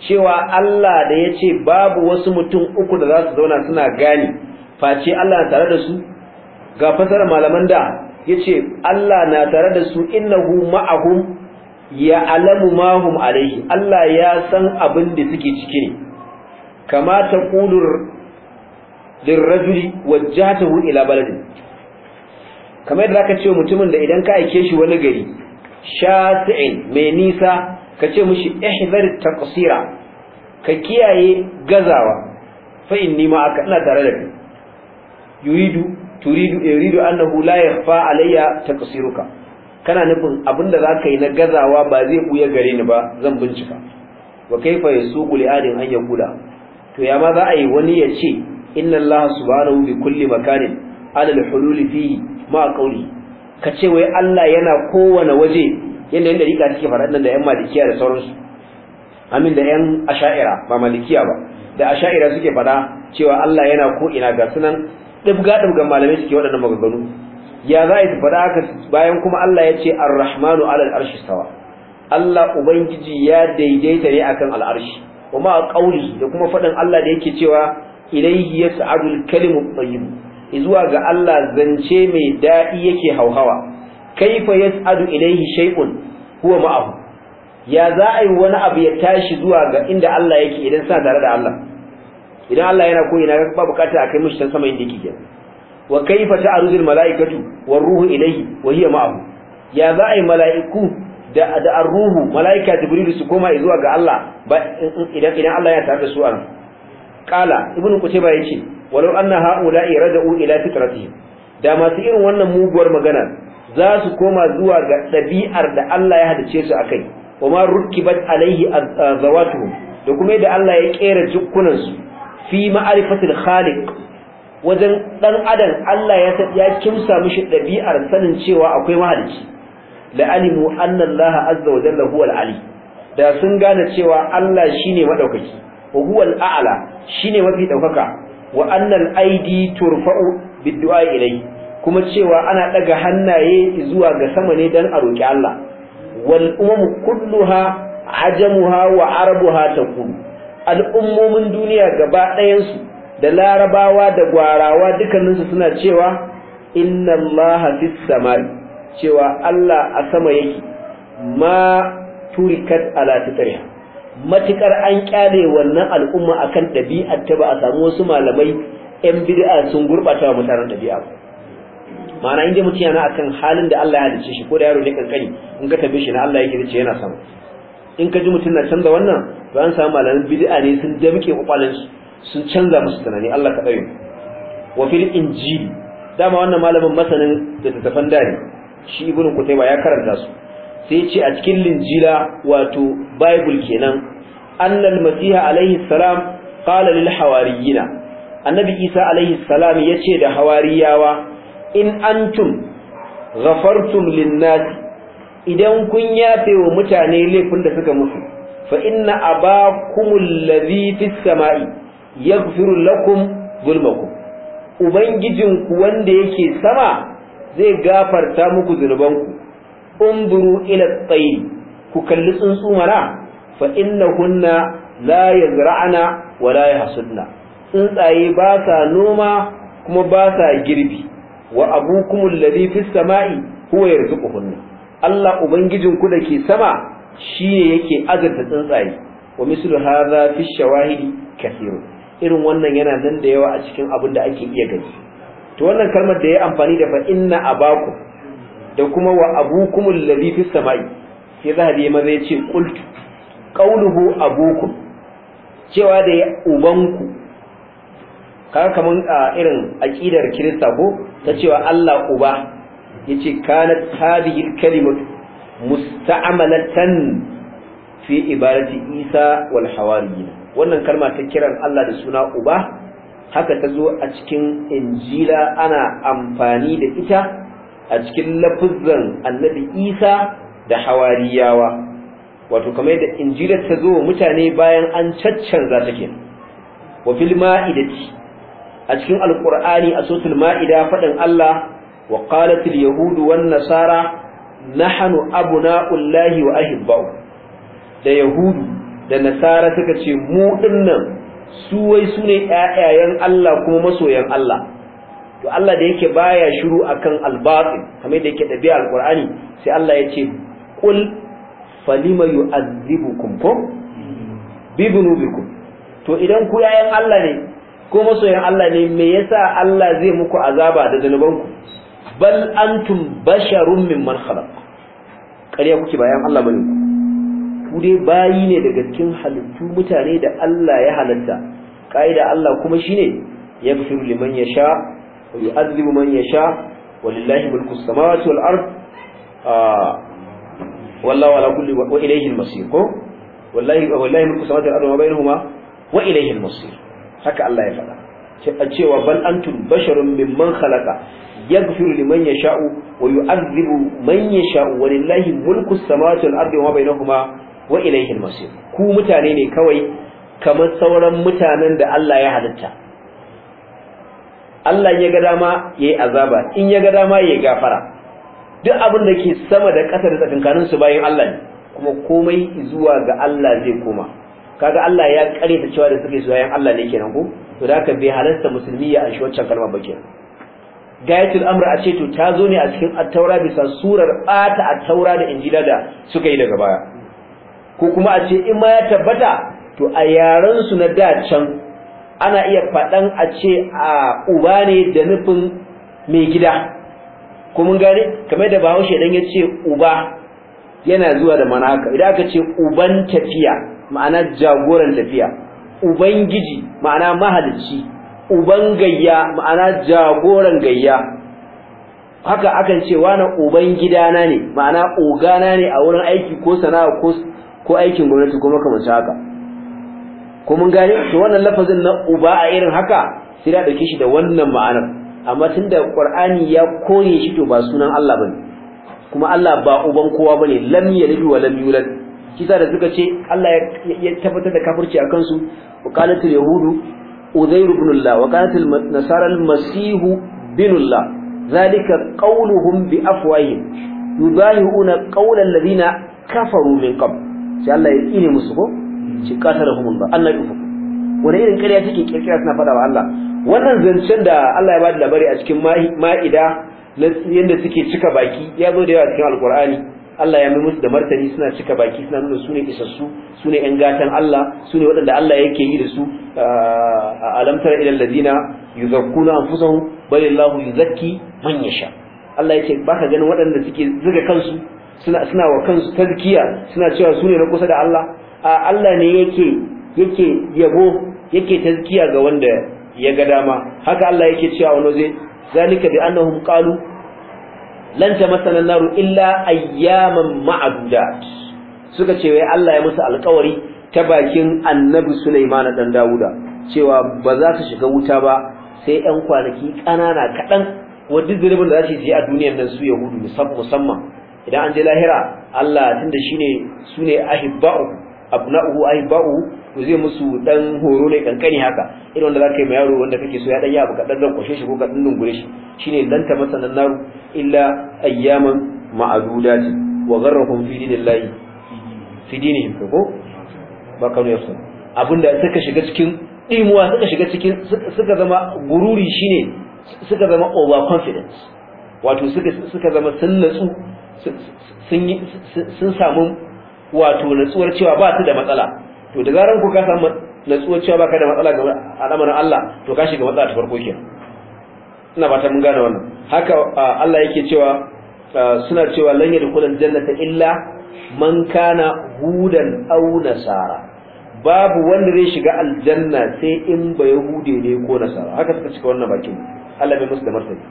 Speaker 1: cewa Allah da ya ce babu wasu mutum uku da za su zauna suna gani face Allah na tare da su ga fasar malaman da ya ce Allah na tare da su innahu ma'ahum ya alamu mahum alaihi Allah ya san abin da suke ciki ne kama ta kudur lirrajuli wajjatahu ila baladin kamar yadda zaka ce mutumin da idan ka aike shi wani gari shasi'in mai nisa ka ce mushi ihzar taqsira ka kiyaye gazawa fa inni ma aka ina tare da kai yuridu turidu eh, yuridu annahu la yakhfa alayya taqsiruka kana nufin abinda zaka yi na gazawa ba zai buya gare ni ba zan bincika wa kaifa yasuqu li adin an yaqula to ya ma za a yi wani ya ce inna allaha subhanahu bi kulli makanin ala al-hulul fihi ma qawli ka ce wai Allah yana kowane waje yanda yanda rika take faɗa nan da yan malikiya da sauransu amin da yan asha'ira ba malikiya ba da asha'ira suke faɗa cewa Allah yana ko ina ga sunan dibga dibgan malamai suke waɗannan maganganu ya za su faɗa haka bayan kuma Allah ya ce ar-rahmanu ala al-arshi Allah ubangiji ya daidaita ne akan al'arshi. Kuma a kauli da kuma faɗin Allah da yake cewa ilayhi yas'adul kalimu tayyib zuwa ga Allah zance mai daɗi yake hauhawa kaifa yas'adu ilaihi shay'un huwa ma'ahu ya za a yi wani abu ya tashi zuwa ga inda Allah yake idan sa tare da Allah idan Allah yana ko ina ba bukata a kai mishi can sama inda yake kenan wa kaifa ta'rudu al-mala'ikatu war-ruhu ilayhi wa hiya ma'ahu ya za a yi mala'iku da da ar-ruhu mala'ika jibril su koma zuwa ga Allah idan idan Allah ya tare da su an qala ibnu kutayba yace walau anna ha'ula'i rada'u ila fitratihim da masu irin wannan muguwar magana za su koma zuwa ga ɗabi'ar da Allah ya halice su kai, kuma rukibat alaihi azawatuhum da kuma yadda Allah ya kera jukkunan fi ma'arifatil khaliq wajen ɗan adam Allah ya ya kimsa mishi ɗabi'ar sanin cewa akwai mahalici Da alimu anna Allah azza wa jalla huwa ali da sun gane cewa Allah shine madaukaki wa Aala ala shine mafi daukaka wa anna aidi turfa'u bid-du'a ilayhi kuma cewa ana daga hannaye zuwa ga sama ne dan a roki Allah wal umamu kulluha ajamuha wa arabuha taqulu al'ummomin duniya gaba ɗayan da larabawa da gwarawa dukkanin su suna cewa inna Allah fis samai cewa Allah a sama yake ma turikat ala tatriha matukar an kyale wannan al'umma akan ɗabi'a ta ba a samu wasu malamai 'yan bid'a sun gurɓata wa mutanen ɗabi'a ma'ana inda mutum yana akan halin da Allah ya halice shi ko da yaro ne kankani in ka tabe shi na Allah yake ce yana sama in ka ji mutum na canza wannan to an samu malamin bid'a ne sun damke kwakwalen su sun canza musu tunani Allah ka dauke wa fil injili dama wannan malamin masanin da tattafan dare shi ibnu kutaiba ya karanta su sai ce a cikin linjila wato bible kenan annal masiha alaihi salam qala lil hawariyina annabi isa alaihi salam yace da hawariyawa in antum ghafartum linnati idan kun yafe wa mutane laifin da suka musu fa inna abakumul ladhi fis sama'i yaghfiru lakum zulmakum ku wanda yake sama zai gafarta muku zunubanku umburu ila tsayi ku kalli tsuntsu mara fa hunna la yazra'na wa la yahsudna tsuntsaye ba sa noma kuma ba sa girbi wa abukum alladhi fis samai huwa yarzuquhunna Allah ubangijin ku dake sama shi ne yake azurta tsuntsaye wa mislu hadha fi shawahidi kathir irin wannan yana nan da yawa a cikin abin da ake iya gani to wannan kalmar da ya amfani da fa inna abakum da kuma wa abukum alladhi fis samai sai zahabi maza ya ce qultu qawluhu abukum cewa da ya ubanku kaga kaman irin aqidar kirista ko ta cewa Allah uba yace kanat hadhihi kalima kalimatu musta'malatan fi ibadati Isa wal hawariyin wannan kalma ta kiran Allah da suna uba haka ta zo a cikin injila ana amfani da ita a cikin lafuzzan annabi Isa da hawariyawa wato kamar yadda injilar ta zo mutane bayan an za ta ke wa fil ma'idati a cikin alqur'ani a suratul maida fadin Allah wa qalatil yahudu wan nasara nahnu ullahi wa ahibba'u da yahudu da nasara suka ce mu dinnan su wai sune ƴaƴayen Allah kuma masoyan Allah to Allah da yake baya shiru akan al kamar da yake dabi'a alkur'ani sai Allah ya ce qul falima yu'adhibukum kum dhunubikum to idan ku yayan Allah ne ko masoyan Allah ne me yasa Allah zai muku azaba da zanubanku bal antum basharun mimman khalaq ƙarya kuke bayan Allah bane ku dai bayi ne daga cikin halittu mutane da Allah ya halatta kaida Allah kuma shine yaghfiru liman yasha wa yu'adhibu man yasha walillahi mulku samawati wal ard wallahu ala kulli wa ilayhi al-masir ko wallahi wallahi mulku samawati wal ard wa bainahuma wa ilayhi al-masir haka Allah ya faɗa a cewa bal antum basharun mimman khalaqa yaghfiru liman yasha'u wa yu'adhibu man yasha'u lillahi mulku samawati wal ardi wa bainahuma wa ilayhi al-masir ku mutane ne kawai kamar sauran mutanen da Allah ya halitta Allah ya ga dama yayi azaba in ya ga dama yayi gafara duk abin da ke sama da ƙasa da tsakankanin su bayan Allah ne kuma komai zuwa ga Allah zai koma kaga Allah ya kare ta cewa da suke 'Yan Allah ne kenan ko to da ka bi halarta musulmi ya shi wancan kalma ba kenan gayatul amr a ce to ta zo ne a cikin at-taura bisa surar bata at-taura da injila da suka yi daga baya ko kuma a ce in ma ya tabbata to a yaran su na da can ana iya fadan a ce a uba ne da nufin mai gida ko mun gane kamar da Bahaushe dan ya ce uba yana zuwa da manaka idan aka ce uban tafiya ma'ana jagoran tafiya ubangiji ma'ana mahalicci uban gayya ma'ana jagoran gayya haka akan ce wani uban gidana ne ma'ana ogana ne a wurin aiki ko sana'a ko ko aikin gwamnati ko makamancin haka ko mun gane to wannan lafazin na uba a irin haka sai da dauke shi da wannan ma'anar amma tunda qur'ani ya kore shi to ba sunan Allah bane kuma Allah ba uban kowa bane lam yalid wa lam yulad Kisa da suka ce Allah ya tabbatar da kafirci a kansu wa yahudu uzairu ibn Allah wa qalatul nasara al-masih bin Allah zalika qawluhum bi afwahihim yudahiuna qawla alladhina kafaru min qabl sai Allah ya tsine musu ko shi qatalahum Allah annabi wani irin karya take kirkira suna faɗawa wa Allah wannan zancen da Allah ya bada labari a cikin ma'ida na yadda suke cika baki ya zo da yawa cikin alkur'ani Allah ya mai musu da martani suna cika baki suna nuna su ne isassu su ne ‘yan gatan Allah su ne waɗanda Allah yake yi da su a ah, alamtar ilal ladina yuzakkuna anfusahum balillahu yuzakki man yasha Allah ya ce ka ganin waɗanda suke zuga kansu suna suna wa kansu tazkiya suna cewa su ne na kusa da Allah a ah, Allah ne yake yake yabo yake tazkiya ga wanda ya ga dama haka Allah yake cewa wani zai zalika bi annahum qalu lan ta masana naru illa ayyaman ma'adudat suka ce wai Allah ya musu alƙawari ta bakin annabi Sulaiman dan Dawuda cewa ba za su shiga wuta ba sai ƴan kwanaki ƙanana kaɗan wanda zunubin da za su yi a duniyar nan su Yahudu musamman idan an je lahira Allah tunda shine sune ahibba'u abna'uhu ahibba'u to zai musu dan horo ne kankani haka irin wanda zaka yi ma yaro wanda kake so ya dan yi abu kadan dan koshe shi ko kadan dungure shi shine dan ta masa nan naru illa ayyaman ma'adudat wa gharrahum fi dinillahi fi dinihim ko ba kanu yafsun abinda suka shiga cikin dimuwa suka shiga cikin suka zama gururi shine suka zama over confidence wato suka suka zama sun natsu sun samu wato natsuwar cewa ba su da matsala to da zaran ku ka samu natsuwa cewa baka da matsala ga al'amarin Allah to ka shiga matsala ta farko ke. ina ba ta mun gane wannan haka Allah yake cewa suna cewa lan yadkhulul jannata illa man kana hudan aw nasara babu wanda zai shiga aljanna sai in ba yahude ne ko nasara haka suka cika wannan bakin Allah bai musu da martani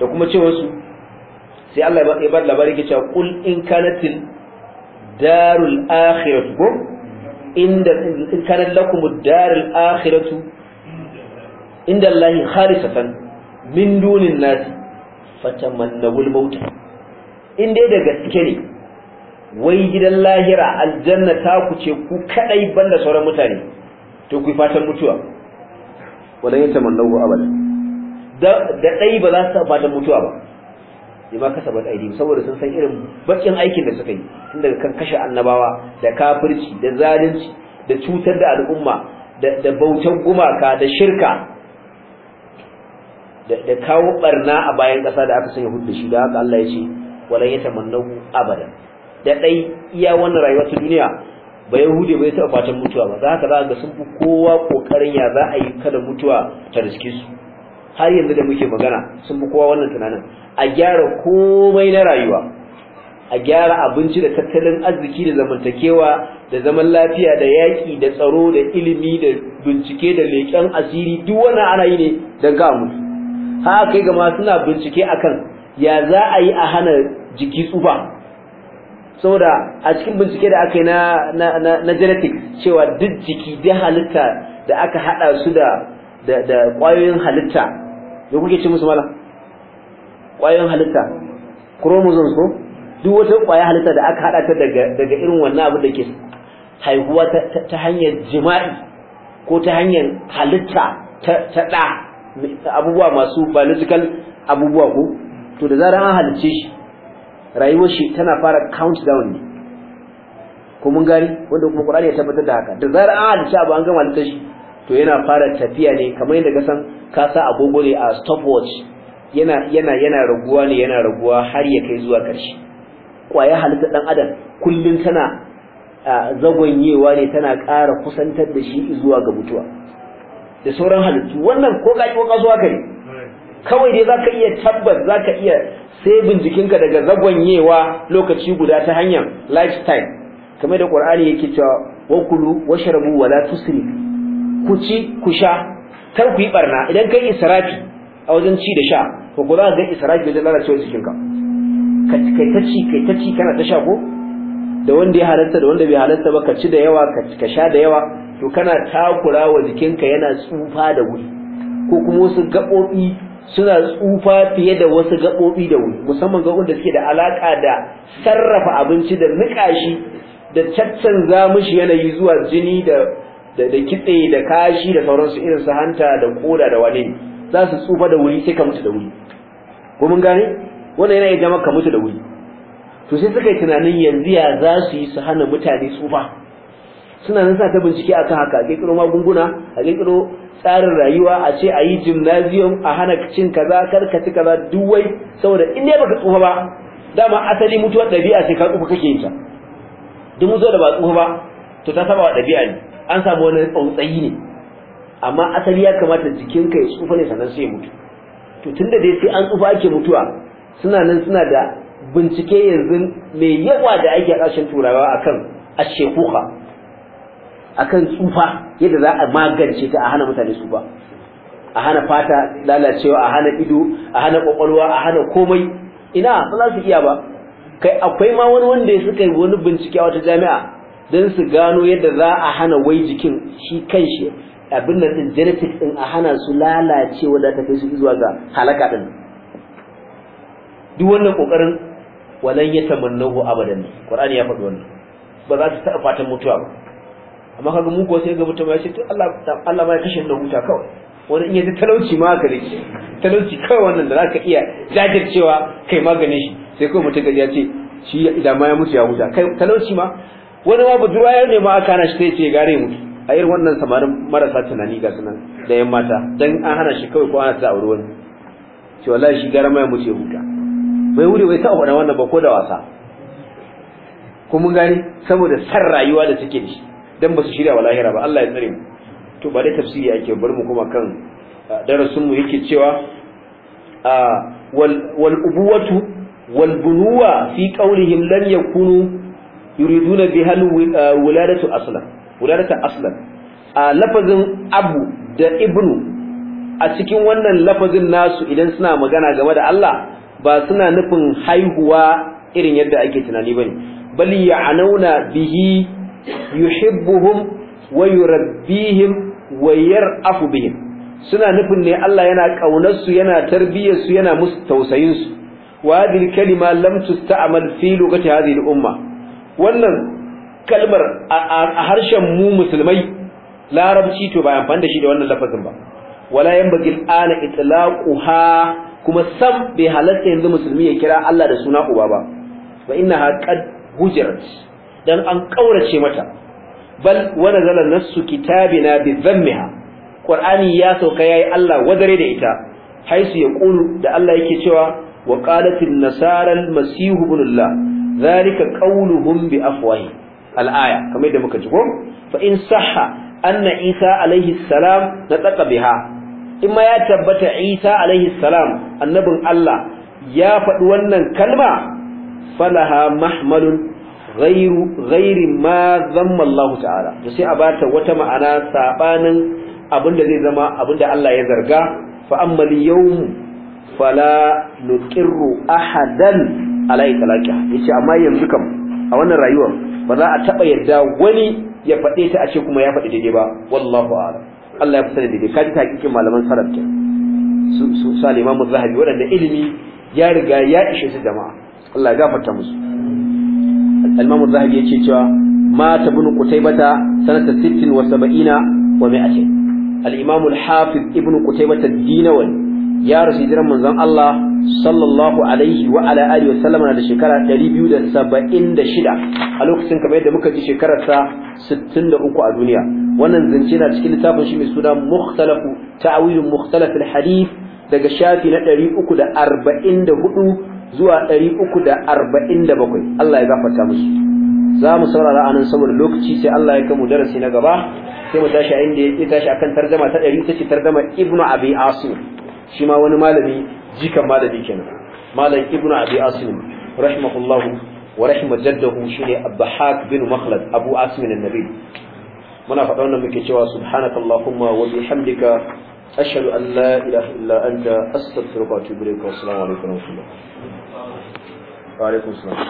Speaker 1: da kuma cewa su sai Allah ya bar labari ke cewa kul in kanatil darul akhirah inda in kana lakum ad al akhiratu inda Allah khalisatan min dunin nas al maut in dai da gaske ne wai gidan lahira aljanna ta ku ce ku kadai banda sauran mutane to ku fatan mutuwa wala yatamannu abada da dai ba za su fatan mutuwa ba kasa kasabat aidi saboda sun san irin bakin aikin da suka yi tun daga kan kashe annabawa da kafirci da zalunci da cutar da al'umma da bautan gumaka da shirka da kawo barna a bayan ƙasa da aka sanya hudu shi da haka Allah ya ce walan ya tamannahu abadan da dai iya wannan rayuwa ta duniya ba yahudi bai taɓa fatan mutuwa ba za ka za ga sun fi kowa ƙoƙarin ya za a yi kada mutuwa ta riske su har yanzu da muke magana sun fi kowa wannan tunanin a gyara komai na rayuwa a gyara abinci da tattalin arziki da zamantakewa da zaman lafiya da yaƙi da tsaro da ilimi da bincike da leƙen asiri duk wani ana yi ne don ga mutu ha kai gama suna bincike akan ya za a yi a hana jiki tsufa saboda a cikin bincike da aka yi na na genetics cewa duk jiki da halitta da aka haɗa su da da kwayoyin halitta da kuke ci musu mala ƙwayoyin halitta chromosomes ko duk wata ƙwaya halitta da aka haɗa ta daga irin wannan abin da ke haihuwa ta hanyar jima'i ko ta hanyar halitta ta ɗa abubuwa masu biological abubuwa ko to da zarar an halicce shi rayuwar shi tana fara countdown ne ko mun gari wanda kuma Qur'ani ya tabbatar da haka da zarar an halicce abu an gama halitta shi to yana fara tafiya ne kamar yadda san ka sa agogo ne a stopwatch yana yana yana raguwa ne yana raguwa har ya kai zuwa ƙarshe kwaya halitta dan adam kullun tana zagonyewa ne tana ƙara kusantar da shi zuwa ga mutuwa da sauran halittu wannan ko ka ko ka zuwa kai kawai dai zaka iya tabbas zaka iya sai jikinka daga zagonyewa lokaci guda ta hanyar lifestyle kamar da Qur'ani yake cewa wakulu washrabu wala tusrifu ku ci ku sha kar ku yi barna idan kai israfi a wajen ci da sha to ku za ka ga israfi wajen lalacewa jikinka ka kai ta ci kai ta ci kana ta sha ko da wanda ya halarta da wanda bai halatta ba ka ci da yawa ka sha da yawa to kana takura wa jikinka yana tsufa da wuri ko kuma wasu gaɓoɓi suna tsufa fiye da wasu gaɓoɓi da wuri musamman gaɓoɓin da suke da alaƙa da sarrafa abinci da nikashi da caccanza mishi yanayi zuwa jini da da da kitse da kashi da sauransu irin su hanta da koda da wane za su tsufa da wuri sai ka mutu da wuri ko mun gane wannan yana iya maka mutu da wuri to sai suka yi tunanin yanzu ya za su yi su hana mutane tsufa suna nan sa ta bincike akan haka a ƙirƙiro magunguna a ƙirƙiro tsarin rayuwa a ce a yi gymnasium a hana cin kaza kar ka ci kaza duwai saboda in dai baka tsufa ba dama asali mutuwar ɗabi'a sai ka tsufa kake yin ta duk mutuwar da ba tsufa ba to ta saba wa ɗabi'a ne an samu wani tsautsayi ne amma asali ya kamata jikinka ya tsufa ne sannan sai ya mutu to tunda dai sai an tsufa ake mutuwa suna nan suna da bincike yanzu mai yawa da ake a ƙarshen turawa akan ashekuka akan tsufa yadda za a magance ta a hana mutane tsufa a hana fata lalacewa a hana ido a hana kwakwalwa a hana komai ina ba za su iya ba kai akwai ma wani wanda ya suka yi wani bincike a wata jami'a don su gano yadda za a hana wai jikin shi kanshi abin da din genetic din a hana su lalacewa da ta kai su zuwa ga halaka din duk wannan kokarin walan yatamannahu abadan qur'ani ya faɗi wannan ba za su taɓa fatan mutuwa ba amma kaga mu ko sai ga mutum ya ce to Allah Allah ba ya kashe da huta kawai wani in yaji talauci ma ka rike talauci kawai wannan da za ka iya jajircewa kai maganin shi sai kawai mutum ya ce shi idan ma ya mutu ya huta kai talauci ma wani ma budurwa ya ma aka hana shi sai ce gare mu. a irin wannan samarin marasa tunani ga sunan da yan mata dan an hana shi kawai ko ana ta aure wani ce wallahi shi gara mai mutu ya huta bai wuri bai taɓa wannan ba ko da wasa ko mun gane saboda san rayuwa da take da shi dan ba su shirya wa lahira ba Allah ya tsare mu to ba dai tafsiri ake bar mu kuma kan darasin mu yake cewa A wal ubuwatu wal bunuwa fi qawlihim lan yakunu yuriduna bi hal uh, wuladatu aslan wuladatu a lafazin abu da ibnu a cikin wannan lafazin nasu idan suna magana game da Allah ba suna nufin haihuwa irin yadda ake tunani bane bal ya'nauna bihi yuhibbuhum wa yurabbihim wa yar'afu bihim suna nufin ne Allah yana kaunar su yana tarbiyyar su yana musu tausayin su wa hadhihi kalima lam tusta'mal fi lugati hadhihi al-umma wannan kalmar a harshen mu musulmai larabci to ba amfani da shi da wannan lafazin ba wala yanbaghi al-ana itlaquha kuma sam bai halatta yanzu musulmi ya kira Allah da suna uba ba fa innaha qad dan an kaurace mata bal wa nazala nassu kitabina bi dhammiha qur'ani ya sauka yayi Allah wadare da ita haisu yaqulu da Allah yake cewa wa qalatin nasara al-masih zalika qauluhum bi afwahi al-aya kamar da muka ji ko fa in sahha anna isa alaihi salam nataka biha in ma ya tabbata isa alaihi annabin Allah ya faɗi wannan kalma falaha mahmalun ghairu ghairi ma zamma Allah ta'ala to sai a bata wata ma'ana sabanin abinda zai zama abinda Allah ya zarga fa ammal yawm fala nuqirru ahadan ala itlaqi yace amma yanzu kam a wannan rayuwar ba za a taba yadda wani ya faɗe ta a ce kuma ya faɗi daidai ba wallahu a'lam Allah ya fi sani daidai kaji hakikin malaman salaf su su sal imam zahabi wadanda ilimi ya riga ya ishe su jama'a Allah ya gafarta musu al-imam zahabi yace cewa mata ibn qutaybata sanata 76 wa 100 al-imam al-hafiz ibn qutaybata ad-dinawi ya rasu hijiran manzon Allah sallallahu alaihi wa ala alihi wasallam na da shekara 276 a lokacin kamar yadda muka ji shekarar sa 63 a duniya wannan zance na cikin littafin shi mai suna mukhtalafu ta'wilun mukhtalaf al daga shafi na 344 zuwa 347 Allah ya gafarta musu za mu saurara anan saboda lokaci sai Allah ya mu darasi na gaba sai mu tashi a inda ya tashi akan tarjama ta 100 ita ce tarjama ibnu Abi Asim shi ma wani malami jikan malami kenan malam ibnu abi asim rahimahullahu wa rahima jaddahu shine abahak bin makhlad abu asim an-nabi muna faɗa wannan muke cewa subhanakallahumma wa bihamdika ashhadu an la ilaha illa anta astaghfiruka wa atubu ilayk wa assalamu alaikum wa rahmatullah wa alaikum assalam